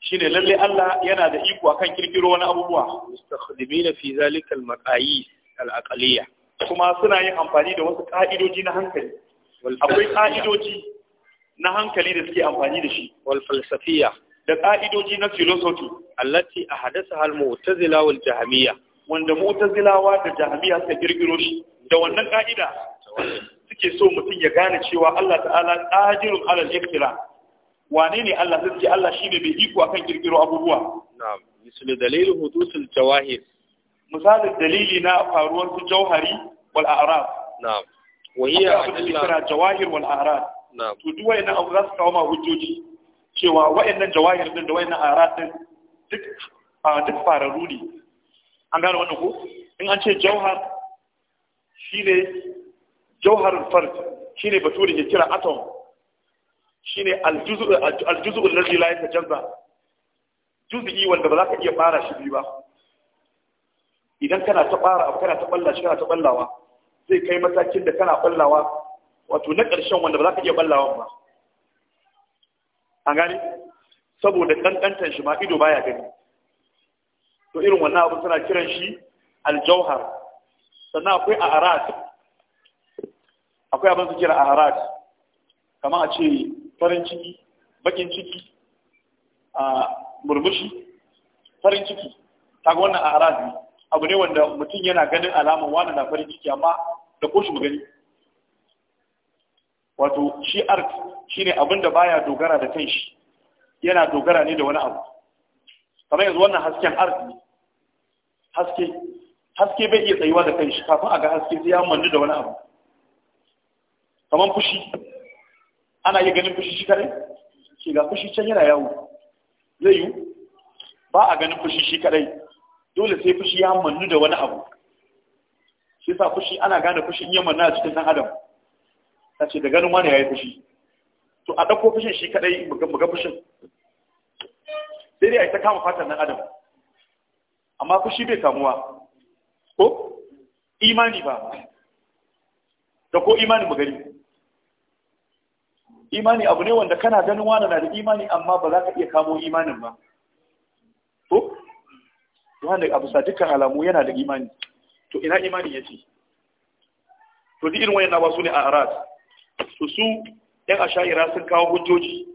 S1: shine lalle Allah yana da iko akan kirkiro wani abubuwa mustakhdimina fi zalika al-maqayis al-aqliyah kuma suna yin amfani da wasu ka'idoji na hankali akwai ka'idoji na hankali da suke amfani da shi wal falsafiya da ka'idoji na philosophy allati ahdathaha al-mu'tazila wal jahmiyah wanda mutazilawa da jami'a suka kirkiro shi da wannan ka'ida suke so mutum ya gane cewa Allah ta'ala qadirun ala al-ikhtilaf wane ne Allah sai ce Allah shine mai iko akan kirkiro abubuwa na'am misali dalilin hudusul jawahir misalin dalili na faruwar su jauhari wal a'rab na'am wa hiya adilla jawahir wal a'rab na'am to duk wayannan abu za su kawo ma hujjoji cewa wayannan jawahir din da wayannan a'rab din duk duk fararru ne an gane wannan ko in an ce jauhar shine jauharul fard shine da ke kira atom shine aljuzu aljuzu allazi la yatajazza juz'i wanda ba za ka iya fara shi biyu ba idan kana ta fara abu kana ta balla shi kana ta ballawa zai kai matakin da kana ballawa wato na ƙarshen wanda ba za ka iya ballawa ba an gani saboda ɗanɗantar shi ma ido baya gani to irin wannan abu suna kiran shi aljauhar sannan akwai aharat akwai abin su kira aharat Kama a ce farin ciki bakin ciki a murmushi farin ciki ta ga wannan aharat ne abu ne wanda mutum yana ganin alaman wani na farin ciki amma da koshi mu gani wato shi art ne abin da baya dogara da kanshi yana dogara ne da wani abu kamar yanzu wannan hasken art ne haske haske bai iya tsayuwa da kai shi kafin a ga haske sai ya manni da wani abu kamar fushi ana iya ganin fushi shi kare ke ga fushi can yana yawo zai yi ba a ganin fushi shi kare dole sai fushi ya mannu da wani abu shi sa fushi ana gane fushi in yi manna a cikin dan adam ta ce da ganin wani ya yi fushi to a ɗauko fushin shi kadai mu ga fushin sai dai a yi ta kama fatan nan adam amma fushi bai kamuwa ko imani ba da ko imani magani imani abu ne wanda kana ganin wani na da imani amma ba za ka iya kamo imanin ba Ko? wanda abu sa dukkan alamu yana da imani to ina imani ce? to di irin wayannan na su ne a arad to su yan ashayira sun kawo hujjoji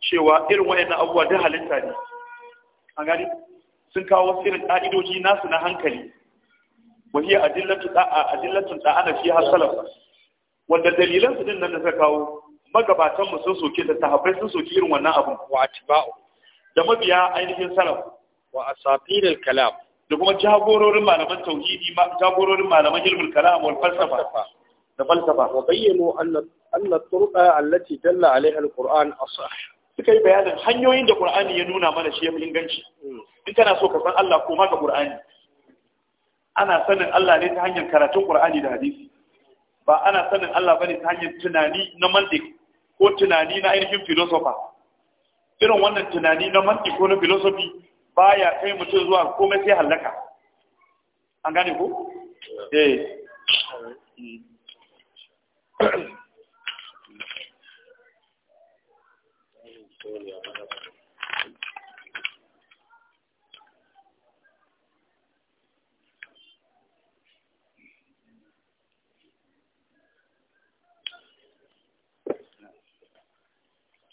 S1: cewa irin na abuwa don halitta ne an gani sun kawo wasu irin ƙa'idoji nasu na hankali wa hiya adillatu da'a adillatun da'ana fi hasalaf wanda dalilan su din nan da suka kawo magabatan mu sun soke da sahabbai sun soke irin wannan abun wa atba'u da mabiya ainihin salaf wa asatiril kalam da kuma jagororin malaman tauhidi jagororin malaman ilmul kalam wal falsafa da falsafa wa bayyanu anna anna turqa allati dalla alaiha alquran asah suka yi bayanin hanyoyin da qur'ani ya nuna mana shi ya inganci hmm. in kana so ka san Allah ko maka Qur'ani ana sanin Allah ne ta hanyar karatun Qur'ani da hadisi ba ana sanin Allah bane ta hanyar tunani na mantiq ko tunani na ainihin philosopher irin wannan tunani na mantiq ko na philosophy baya kai mutum zuwa komai sai halaka an gane ko eh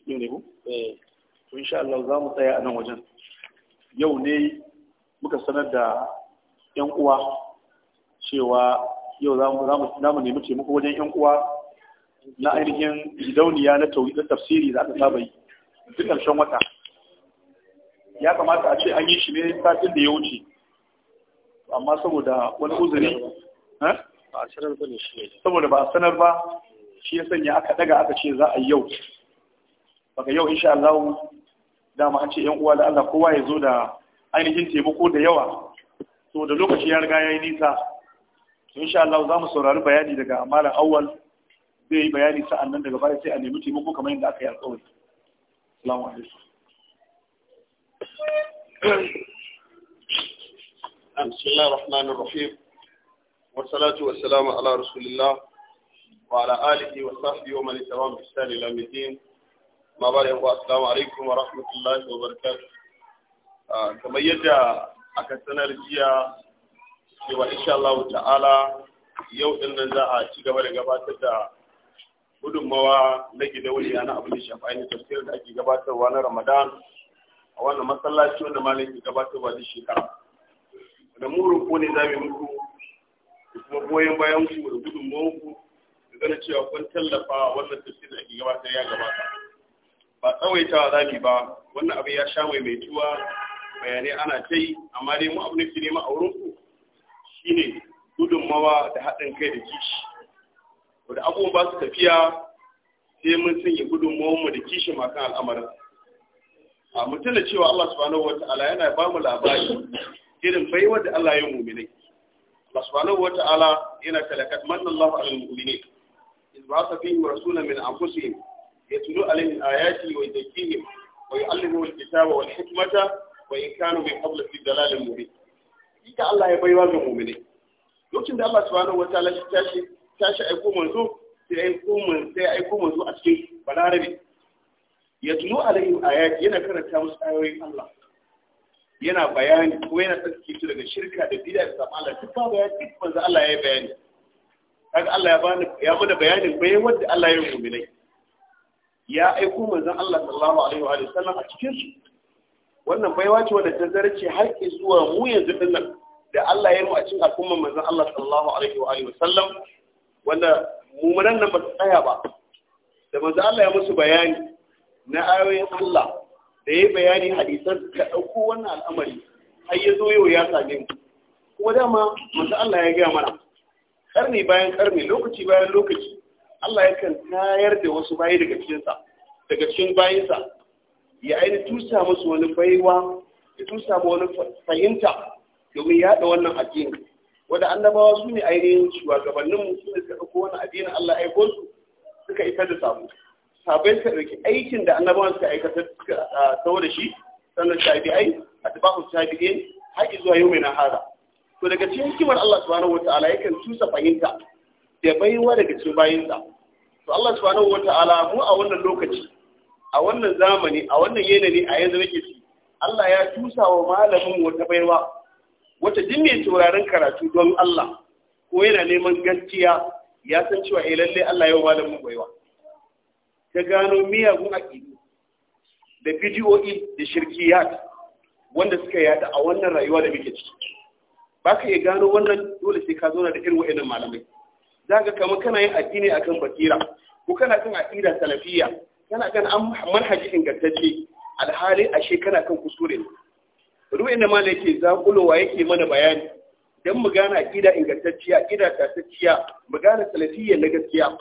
S1: yau ne eh. to insha Allah za mu tsaya a nan wajen yau ne muka sanar da yan uwa cewa yau za mu nemi taimako wajen yan uwa na ainihin gidauniya na tafsiri da aka saba yi duk ƙarshen wata ya kamata a ce an yi shi ne satin da ya wuce amma saboda wani uzuri eh? saboda ba a sanar ba shi ya sanya aka daga aka ce za a yau baka yau insha Allah dama an ce yan uwa da Allah kowa ya zo da ainihin taimako da yawa to da lokaci ya riga yayi nisa to insha Allah za mu saurari bayani daga malam awwal zai yi bayani sa'an nan daga baya sai a nemi taimako kamar yadda aka yi alƙawari assalamu alaikum بسم الله الرحمن الرحيم والصلاة والسلام على رسول الله وعلى آله وصحبه ومن اتبعهم بإحسان إلى الدين ma ba alaikum wa rahmatullahi wa barakatuh ah, kamar yadda aka sanar jiya cewa insha Allah ta'ala yau din nan za a ci gaba da gabatar da gudunmawa na gida wuri na abin da shafa ainihin tafsir da ake gabatarwa na Ramadan a wannan masallaci wanda malam ke gabatarwa da shekara da muru ko ne za muku da kuma goyon bayan ku da gudunmawa ku da cewa kun tallafa wannan tafsir da ake gabatar ya gabata ba tsawaitawa zafi ba wannan abu ya sha mai mai tuwa bayanai ana ta yi amma dai mu abu nufi nema a wurinku ne gudunmawa da haɗin kai da kishi Wadda abubuwan ba su tafiya sai mun sanya mu da kishi makan al'amarin a mutum da cewa Allah subhanahu wata'ala yana ba mu labari irin baiwar da Allah ya muminai Allah subhanahu wata'ala yana talakat manna Allah alal mu'minin iz ba'atha fihim rasulan min anfusihim يتلو عليهم آياتي ويزكيهم ويعلمهم الكتاب والحكمة وإن كانوا من قبل في ضلال مبين إذا الله يبيوا المؤمنين lokacin لكن الله سبحانه وتعالى shi tashi tashi aiko manzo sai aiko manzo sai aiko manzo a cikin balarabe ya tuno alaihim ayati yana karanta yana bayani ko yana tsarki su daga shirka da bid'a da samala duk ba bayani duk manzo Allah ya bayani kaga Allah ya bani ya bada bayanin bayan wanda Allah ya yi mu'minai ya aiko manzon Allah sallallahu alaihi wa sallam a cikin su wannan baiwa ce wadda ta zarce har zuwa mu yanzu dinnan da Allah ya yi mu a cikin al'umman manzon Allah sallallahu alaihi wa sallam wanda mumunan nan ba su tsaya ba da manzon Allah ya musu bayani na ayoyin Allah da ya bayani hadisan ka dauko wannan al'amari har ya zo yau ya same mu kuma dama manzon Allah ya gaya mana karni bayan karni lokaci bayan lokaci Allah yakan tayar da wasu bayi daga cikinsa daga cikin bayinsa ya aini tusa musu wani baiwa ya tusa ma wani fahimta domin yaɗa wannan addini wanda annabawa su ne ainihin shugabannin mu su ne suka ɗauko wannan addinin Allah ya aiko su suka isa da sabo sabai suka ɗauki aikin da annabawan suka aikata suka sau da shi sannan tabi'ai atba'u tabi'in har zuwa yau mai nahara to daga cikin hikimar Allah subhanahu ta'ala yakan tusa fahimta da baiwa daga cikin bayinsa to Allah subhanahu wataala mu a wannan lokaci a wannan zamani a wannan yanayi a yanzu nake ci Allah ya tusa wa malamin wata baiwa wata dinne mai karatu don Allah ko yana neman gaskiya ya san cewa eh lalle Allah ya malamin baiwa ta gano miyagun aƙidu da bidiyoyi da shirkiyat wanda suka yada a wannan rayuwa da muke ciki baka gano wannan dole sai ka zauna da irin wa'annan malamai za ka kama kana yin addini akan basira ko kana kan aqida salafiyya kana kan manhaji ingantacce alhali ashe kana kan kuskure ruwa inda ma yake zakulowa yake mana bayani dan mu gane aqida ingantacciya aqida tasacciya mu gane salafiyya na gaskiya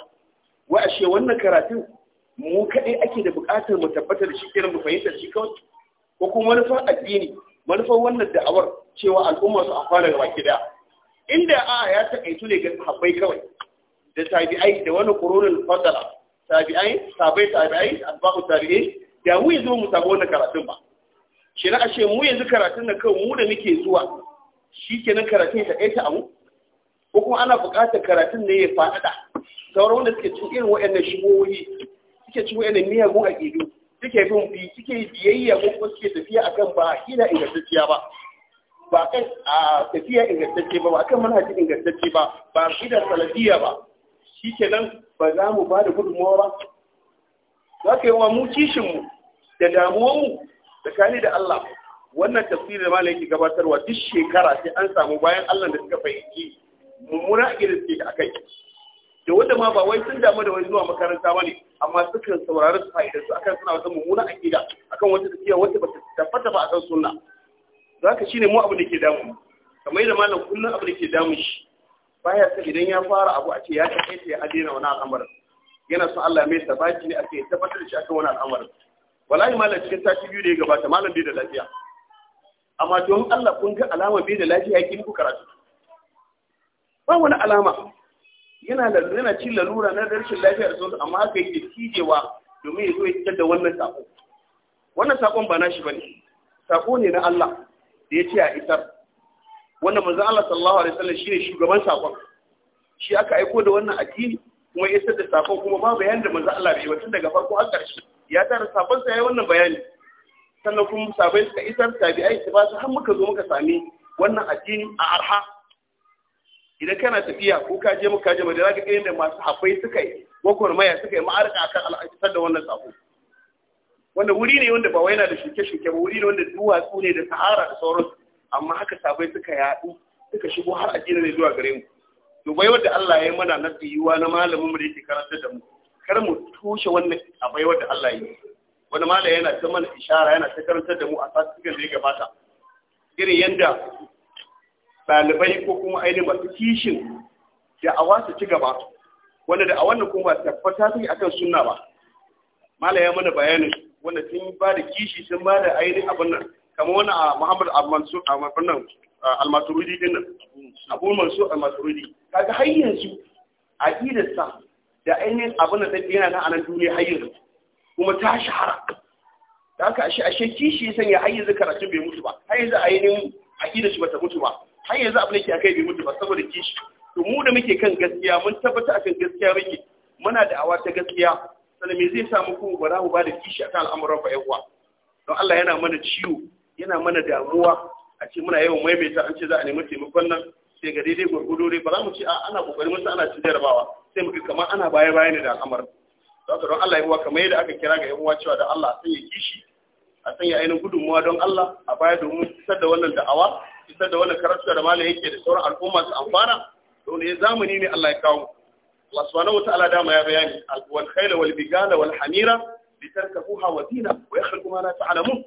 S1: wa ashe wannan karatun mu kaɗai ake da buƙatar mu tabbatar shi kenan mu fahimtar shi kawai ko kuma manufar addini manufar wannan da'awar cewa al'umma su amfana gaba gida inda a ya takaitu ne ga sahabbai kawai da tabi'ai da wani qurunul fasala tabi'ai sabai tabi'ai asbabu tabi'i da mu yanzu mu sabo wannan karatun ba shi na ashe mu yanzu karatun da kan mu da muke zuwa shikenan karatun ta kaita amu ko kuma ana buƙatar karatun ne ya faɗaɗa sauran wanda suke cin irin waɗannan shigohi suke cin waɗannan miyagun aƙidu suke bin bi suke biyayya ko kuma suke tafiya akan ba a ingantacciya ba ba kan a tafiya ingantacce ba ba kan manhaji ingantacce ba ba da saladiya ba shi nan, ba za mu ba da gudunmawa ba za ka yi wa mu kishinmu da damuwanmu tsakani da Allah wannan tafsirin da malam yake gabatarwa duk shekara sai an samu bayan Allah da suka fahimci mummuna a ce da akai da wanda ma ba wai sun damu da wai zuwa makaranta ba ne. amma sukan saurari su fa'idarsu akan suna wata mummuna akida akan wata tafiya wata ba ta tabbata ba akan sunna za ka shi ne mu abu da ke damu kamar yadda malam kullum abu da ke damu shi baya sa idan ya fara abu a ce ya taƙaita ya adena wani al'amarin yana son Allah mai sabaki ne a kai tabbatar da shi akan wani al'amarin wallahi malam cikin sati biyu da ya gabata malam bai da lafiya amma don Allah kun ga alama bai da lafiya ya ku karatu ba wani alama yana da yana cin lalura na rashin lafiya da sauransu amma haka yake cijewa domin ya zo ya fitar da wannan sako wannan sakon ba nashi bane sako ne na Allah da ya ce a isar wanda manzo Allah sallallahu alaihi wasallam ne shugaban saƙon. shi aka aiko da wannan addini kuma ya isar da sakon kuma ba bayan da manzo Allah bai mutun daga farko har ƙarshe ya tara sakon ya yi wannan bayani sannan kuma sabai suka isar tabi'ai su ba su har muka zo muka sami wannan addini a arha idan kana tafiya ko ka je muka je madina ga irin da masu hafai suka yi gwagwarmaya suka yi ma'arka akan al'ajisar da wannan sako wanda wuri ne wanda ba wai yana da shuke-shuke ba wuri ne wanda duwatsu ne da sahara da sauran amma haka sabai suka yaɗu suka shigo har addini ne zuwa gare mu dubai wanda Allah ya yi mana na biyuwa na malamin mu da yake karanta da mu kar mu toshe wannan abai wanda Allah ya yi wani malam yana ta mana ishara yana ta karantar da mu a sasikin da ya gabata irin yadda ɗalibai ko kuma ainihin masu kishin da a wasu ci gaba wanda da a wannan kuma tabbata su akan sunna ba malam ya mana bayanin wanda sun ba da kishi sun ba da ainihin abin nan kamar wani a ah, muhammad almasurudi ah, ah, din nan abu mansur almasurudi kaga har yanzu aqidarsa da ainihin abin da take yana nan a nan duniya har yanzu kuma ta shahara da haka ashe ashe kishi san ya har yanzu karatu bai mutu ba har yanzu ainihin aqidar shi bata mutu ba har yanzu abin da ke akai bai mutu ba saboda kishi to mu da muke kan gaskiya mun tabbata akan gaskiya muke muna da awa ta gaskiya sannan me zai samu muku ba za mu ba da kishi akan al'amuran ba yawa don Allah yana mana ciwo yana mana damuwa a ce muna yawan maimaita an ce za a nemi taimakon nan sai ga daidai gwargwado dai ba za mu ce ana kokari musu ana cin jarabawa sai mu kamar ana baya baya ne da al'amarin don don Allah yawa kamar yadda aka kira ga yawa cewa da Allah a sanya kishi a sanya ainihin gudunmuwa don Allah a baya domin fitar da wannan da'awa fitar da wannan karatu da malam yake da sauran al'umma su amfana dole ya zamani ne Allah ya kawo Allah subhanahu wataala dama ya bayani wal khayla wal bigala wal hamira litarkabuha wa zina wa yakhluqu ma la ta'lamun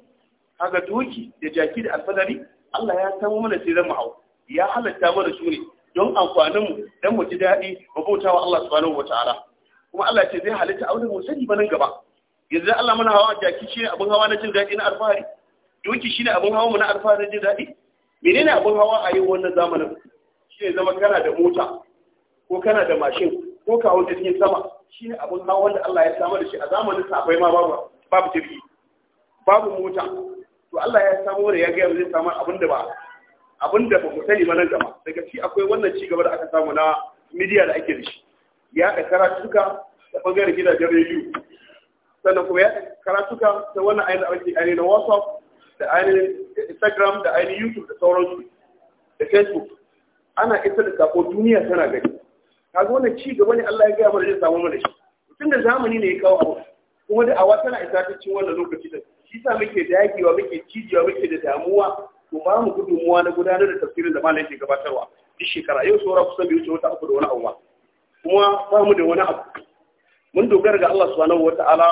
S1: kaga doki da jaki da alfadari Allah ya samu mana sai zan hau ya halatta mana su ne don amfanin mu dan mu ji daɗi mu bauta wa Allah subhanahu wataala kuma Allah ce zai halitta auren mu sani ba nan gaba yanzu Allah mana hawa jaki shine abin hawa na jin daɗi na alfahari doki shine abin hawa mu na alfahari na jin daɗi menene abin hawa a yau wannan zamanin ne zama kana da mota ko kana da mashin ko kawo jirgin sama shi ne abin hawa wanda Allah ya samar da shi a zamanin sa akwai ma babu babu jirgi babu mota to Allah ya samu da ya ga zai samar abin da ba abin da ba ku sani ba nan gaba daga shi akwai wannan ci gaba da aka samu na midiya da ake da shi ya da karatuka ta bangaren gidajen rediyo sannan kuma ya karatuka ta wannan ainihin abin da ainihin WhatsApp da ainihin Instagram da ainihin YouTube da sauransu da Facebook ana isa da sako duniya tana gani kaga wannan ci gaba ne Allah ya gaya mana zai samu mana shi tun da zamani ne ya kawo abu kuma da awa tana isa ta cin wannan lokaci da shi sa muke dagewa muke cijewa muke da damuwa ba mu gudunmuwa na gudanar da tafsirin da malam ke gabatarwa duk shekara yau saura kusan bai ce wata uku da wani abu ba kuma ba mu da wani abu mun dogara ga Allah subhanahu wataala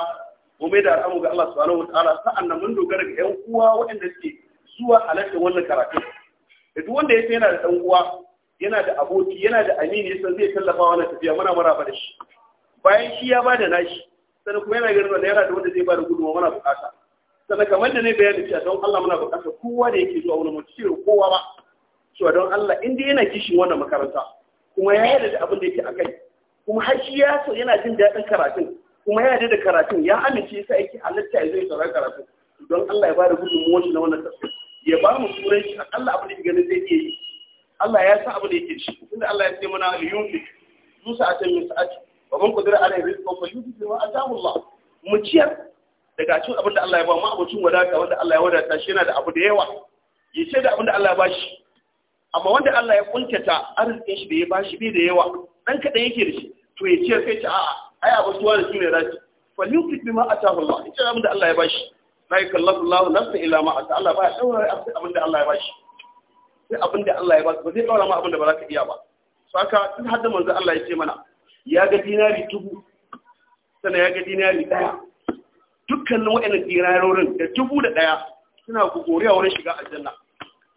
S1: mu mai da al'amu ga Allah subhanahu wataala sa'annan mun dogara ga ƴan uwa waɗanda suke zuwa halatta wannan karatu da duk wanda ya yana da ɗan uwa yana da aboki yana da amini yasa zai tallafa wa wannan tafiya muna maraba da shi bayan shi ya bada nashi sannan kuma yana ganin wanda yana da wanda zai bada gudunmawa muna bukata sannan kamar da ne bayani cewa don Allah muna bukata kowa da yake zuwa wani mutum shi kowa ba cewa don Allah in dai yana kishin wannan makaranta kuma ya yarda da abin da yake akai kuma har shi ya so yana jin daɗin karatun kuma ya yarda da karatun ya amince sa yake halatta ya zo ya saurari karatun don Allah ya bada gudunmawa shi na wannan tafiya ya ba mu sunan shi akalla abin da ganin zai iya yi Allah ya sa abu da yake shi, tunda Allah ya ce mana liyunfi musa a can min sa'ati wa man qadara alai rizqu fa yunfi ma atahu Allah mu ciyar daga cikin abin da Allah ya ba mu abucin wadata wanda Allah ya wadata shi yana da abu da yawa ya ce da abin da Allah ya bashi amma wanda Allah ya kunkata arzikin shi da ya bashi bai da yawa dan kadan yake da shi to ya ciyar kai ta a'a ai suwa da shi ne zaki fa yunfi bima atahu Allah ita abin da Allah ya bashi la yukallifu Allah na illa ma ata Allah ba ya daura abin da Allah ya bashi sai abin da Allah ya ba ba zai ɗora ma abin da ba za ka iya ba saka tun har da manzo Allah ya ce mana ya ga dinari dubu sannan ya ga dinari ɗaya dukkanin waɗannan dinarorin da dubu da ɗaya suna gogoriya wurin shiga aljanna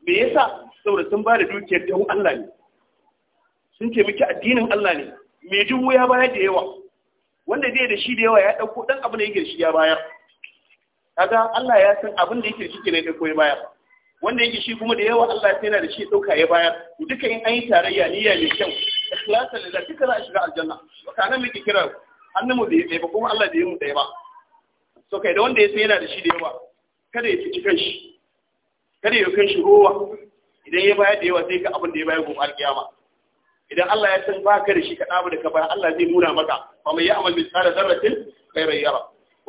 S1: me yasa saboda sun ba da dukiyar ta Allah ne sun ce miki addinin Allah ne me dubu ya bayar da yawa wanda zai da shi da yawa ya ɗauko ɗan abin da yake da shi ya bayar kaga Allah ya san abin da yake da shi ne da koyi bayar wanda yake shi kuma da yawa Allah sai yana da shi dauka ya bayar duka in an yi tarayya niyya mai kyau ikhlasa lillah duka za a shiga aljanna kana mai kira hannun mu yake ba kuma Allah da yi mu da ba so kai da wanda ya sai yana da shi da yawa kada ya fici kanshi kada ya kanshi ruwa idan ya bayar da yawa sai ka abin da ya bayar gobe alkiyama idan Allah ya san baka da shi ka dabu da ka bayar Allah zai nuna maka fa mai amal bi tsara zarratin khairan yara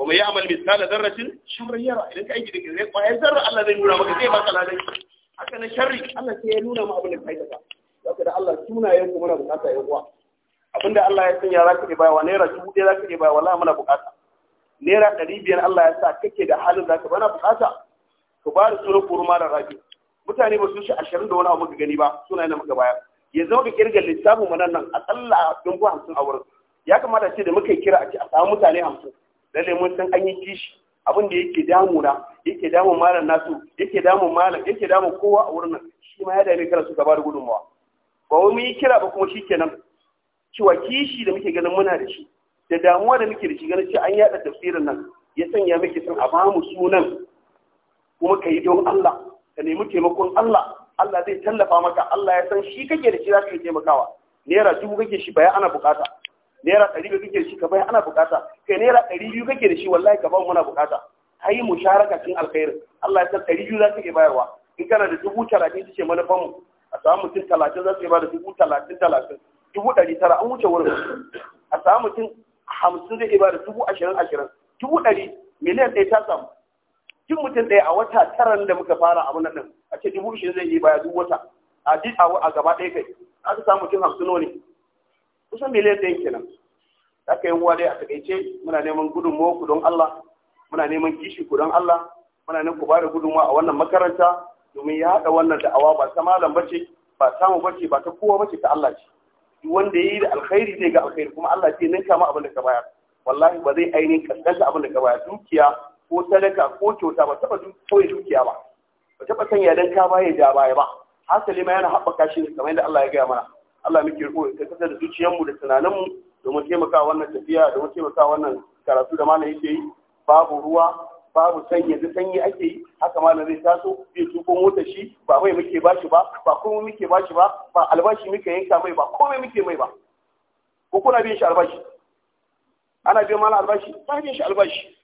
S1: wa mai ya'mal mithqala dharratin sharran yara idan ka aiki da kai kwayar zarra Allah zai nuna maka zai baka ladan haka na sharri Allah sai ya nuna ma abin da kai ka zaka da Allah sunayen ku muna bukata yan uwa abinda Allah ya sanya zaka iya bayarwa naira dubu ɗaya zaka iya bayarwa wallahi muna bukata naira ɗari biyar Allah ya sa kake da halin zaka bana bukata ku ba da sunan kurma da rabi mutane ba su shi ashirin da wani abu muka gani ba suna yana muka bayar ya zama ka kirga lissafin mu nan akalla a dubu hamsin a wurin ya kamata ce da muka kira a ce a samu mutane hamsin lalle mun san an yi kishi abin da yake damuna yake damun malam nasu yake damun malam yake damun kowa a wurin nan shi ma ya dame kira su gaba da gudunmawa ba wai mun yi kira ba kuma shikenan cewa kishi da muke ganin muna da shi da damuwa da muke da shi ganin cewa an yada tafsirin nan ya sanya muke son a bamu sunan kuma ka yi don Allah ka nemi taimakon Allah Allah zai tallafa maka Allah ya san shi kake da shi za ka yi taimakawa naira dubu kake shi baya ana bukata naira ɗari kake shi ka baya ana bukata kai naira ɗari biyu kake da shi wallahi ka ba muna bukata ai musharaka cin alkhairin Allah ya san ɗari biyu za su iya bayarwa in kana da dubu talatin ce manufanmu a samu mutum talatin za su iya ba da dubu talatin talatin dubu ɗari tara an wuce wurin a samu mutum hamsin zai iya ba da dubu ashirin ashirin dubu ɗari miliyan ɗaya ta samu cin mutum ɗaya a wata tara da muka fara wannan nan a ce dubu ashirin zai iya baya duk wata a duk a gaba ɗaya kai aka samu mutum hamsin ne kusan miliyan ɗaya kenan haka yin wa dai a takaice muna neman gudunmuwa ku don Allah muna neman kishi ku don Allah muna nan ku ba da gudunmuwa a wannan makaranta domin ya haɗa wannan da'awa ba ta malam bace ba mu bace ba ta kowa bace ta Allah ce wanda yayi da alkhairi zai ga alkhairi kuma Allah ce ninka kama abin da ka bayar wallahi ba zai ainihin kaskanta abin da ka bayar dukiya ko sadaka ko kyauta ba taba koyi dukiya ba ba taba sanya dan ka baya da baya ba hasali ma yana haɓaka shi kamar yadda Allah ya gaya mana Allah muke roƙo ka kasance da zuciyarmu da tunaninmu domin taimaka wannan tafiya domin taimaka wannan karatu da malam yake yi babu ruwa babu sanyi yanzu sanyi ake yi haka malam zai taso zai tuko motar shi ba mai muke bashi ba ba komai muke bashi ba ba albashi muke yanka mai ba komai muke mai ba ko kuna biyan shi albashi ana biyan malam albashi ba biyan shi albashi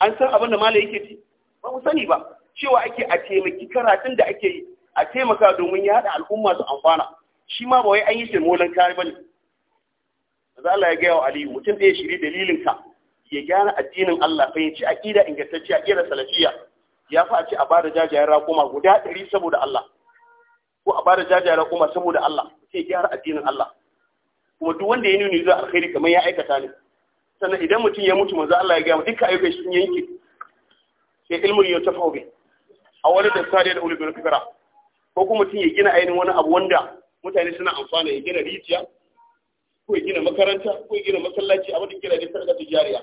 S1: an san abin da malam yake ci ba mu sani ba cewa ake a taimaki karatun da ake yi a taimaka domin ya haɗa al'umma su amfana shi ma ba wai an yi shi molan kare ba ne manzo Allah ya gaya wa Aliyu mutum ɗaya shiri dalilin ka ya gyara addinin Allah ci aqida ingantacciya kira salafiya ya fi a ce a bada jajayen raƙuma guda ɗari saboda Allah ko a bada jajayen raƙuma saboda Allah sai gyara addinin Allah kuma duk wanda ya nuni zuwa alkhairi kamar ya aikata ne sannan idan mutum ya mutu manzo Allah ya gaya dukkan ayyukan shi sun yanke sai ilmin ya tafawo bai a wani da sare da ulubin kafira ko kuma mutum ya gina ainihin wani abu wanda mutane suna amfana ya gina rijiya ko gina makaranta ko gina masallaci abin da kira da sarka tijariya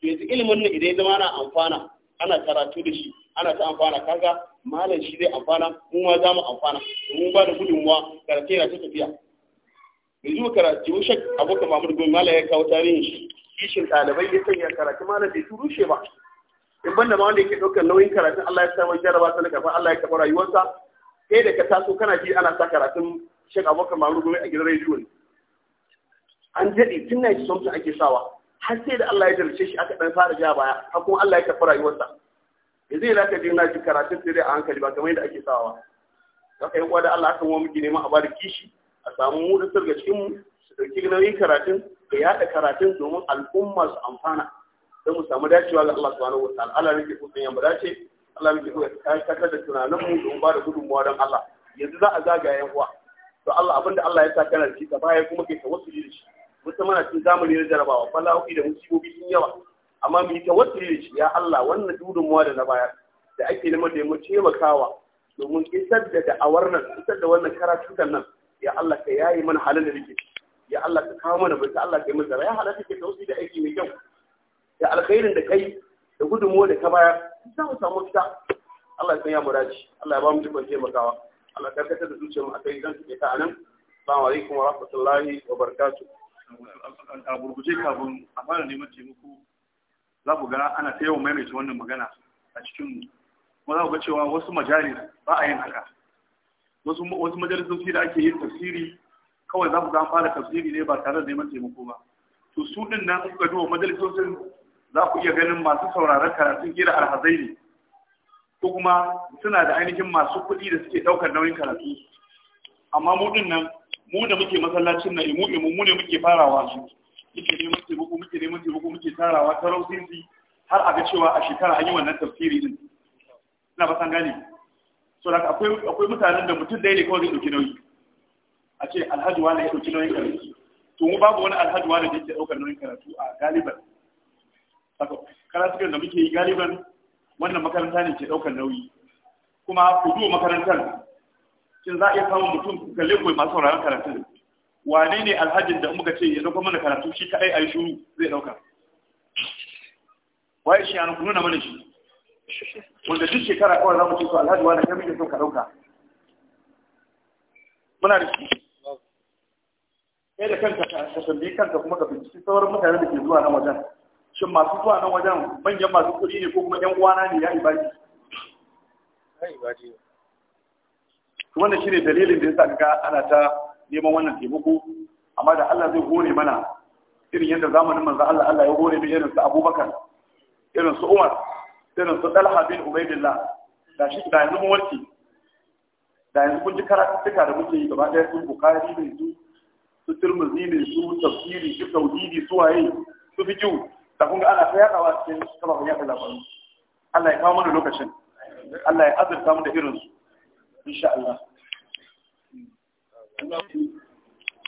S1: to yanzu ilimin nan idan zama ana amfana ana karatu da shi ana ta amfana kaga malam shi zai amfana mu ma za mu amfana mu ba da gudunmuwa karatu yana ta tafiya yanzu karatu shak abokan mamar gomi malam ya kawo tarihin shi kishin ɗalibai ya sanya karatu malam bai rushe ba in banda ma wanda yake ɗaukar nauyin karatun Allah ya sa wani jaraba ta daga Allah ya kafa rayuwarsa kai da ka taso kana ji ana sa karatun shak abokan mamar gomi a gidan rediyo ne an daɗe tun na yi something ake sawa har sai da Allah ya jarce shi aka ɗan fara ja baya har kuma Allah ya tafi rayuwarsa yanzu zai ka je na ji karatun sai dai a hankali ba kamar yadda ake sawa ba haka yi uwa da Allah akan wa muke neman a bada kishi a samu mu da sirga cikin mu su ɗauki nauyin karatun da yaɗa karatun domin al'umma su amfana don mu samu dacewa ga Allah subhanahu wataala Allah nake ke san yamma dace Allah nake so ya karkatar da tunanin mu ba da gudunmuwa don Allah yanzu za a zagaya yan uwa to Allah abinda Allah ya sa kana da shi ka baya kuma kai tawassuli da shi mutum mana cin zamani na jarabawa bala'o'i da musibobi sun yawa amma mu yi tawassuli da shi ya Allah wannan gudunmuwa da na baya. da ake neman da mu taimakawa domin isar da da'awar nan isar da wannan karatukan nan ya Allah ka yayi mana halin da nake ya Allah ka kawo mana bai Allah ka yi mana ya halatta ke tausi da aiki mai kyau da alkhairin da kai da gudunmuwa da ka baya, za mu samu fita Allah ya sanya mu dace Allah ya ba mu dukkan taimakawa Allah ya karkatar da zuciyarmu akai zan take ta anan assalamu alaikum wa rahmatullahi wa barakatuh a gurguje kafin a fara neman taimako za ku ga ana ta yawan maimaita wannan magana a cikin mu kuma za ku ga cewa wasu majalis ba a yin haka wasu wasu majalisoci da ake yin tafsiri kawai za ku ga an fara tafsiri ne ba tare da neman taimako ba to su din nan kuka duba majalisosin za ku iya ganin masu sauraron karatun kira alhazai ne ko kuma suna da ainihin masu kuɗi da suke ɗaukar nauyin karatu amma mu din nan mu da muke masallacin nan imu imu mu ne muke farawa su. muke neman taimako muke neman taimako muke tarawa ta rausisi har a ga cewa a shekara an yi wannan tafsiri din ina ba san gane so da akwai akwai mutanen da mutum dai ne kawai zai ɗauki nauyi a ce alhaji wani ya ɗauki nauyin karatu to mu babu wani alhaji wani da yake ɗaukar nauyin karatu a galiban karatukan da muke yi galiban wannan makaranta ne ke ɗaukar nauyi kuma ku duba makarantar shin za a iya samun mutum kalle koyi masu sauraron karatun wane ne alhajin da muka ce ya dauka mana karatu shi kadai a yi shuru zai dauka waye shi ya nuna mana shi wanda duk shekara kawai za mu ce su alhaji wani kai muke son ka dauka muna da shi ɗaya da kanka ka tambayi kanka kuma ka binciki sauran mutane da ke zuwa nan wajen shin masu zuwa nan wajen manyan masu kuɗi ne ko kuma ƴan uwana ne ya ibadi ya wannan shine dalilin da yasa kaga ana ta neman wannan taimako amma da Allah zai gore mana irin yadda zamanin manzo Allah Allah ya gore mu irin su Abubakar irin su Umar irin su Talha bin Ubaydillah da shi da yanzu mun warke da yanzu kun ji karatuttuka da muke yi gaba ɗaya su Bukhari ne su su Tirmidhi ne su tafsiri su tawhidi su waye su fiqh da kun ga ana ta yadawa cikin kafafen yaɗa labaru Allah ya kawo mana lokacin Allah ya azurta mu da irin su insha Allah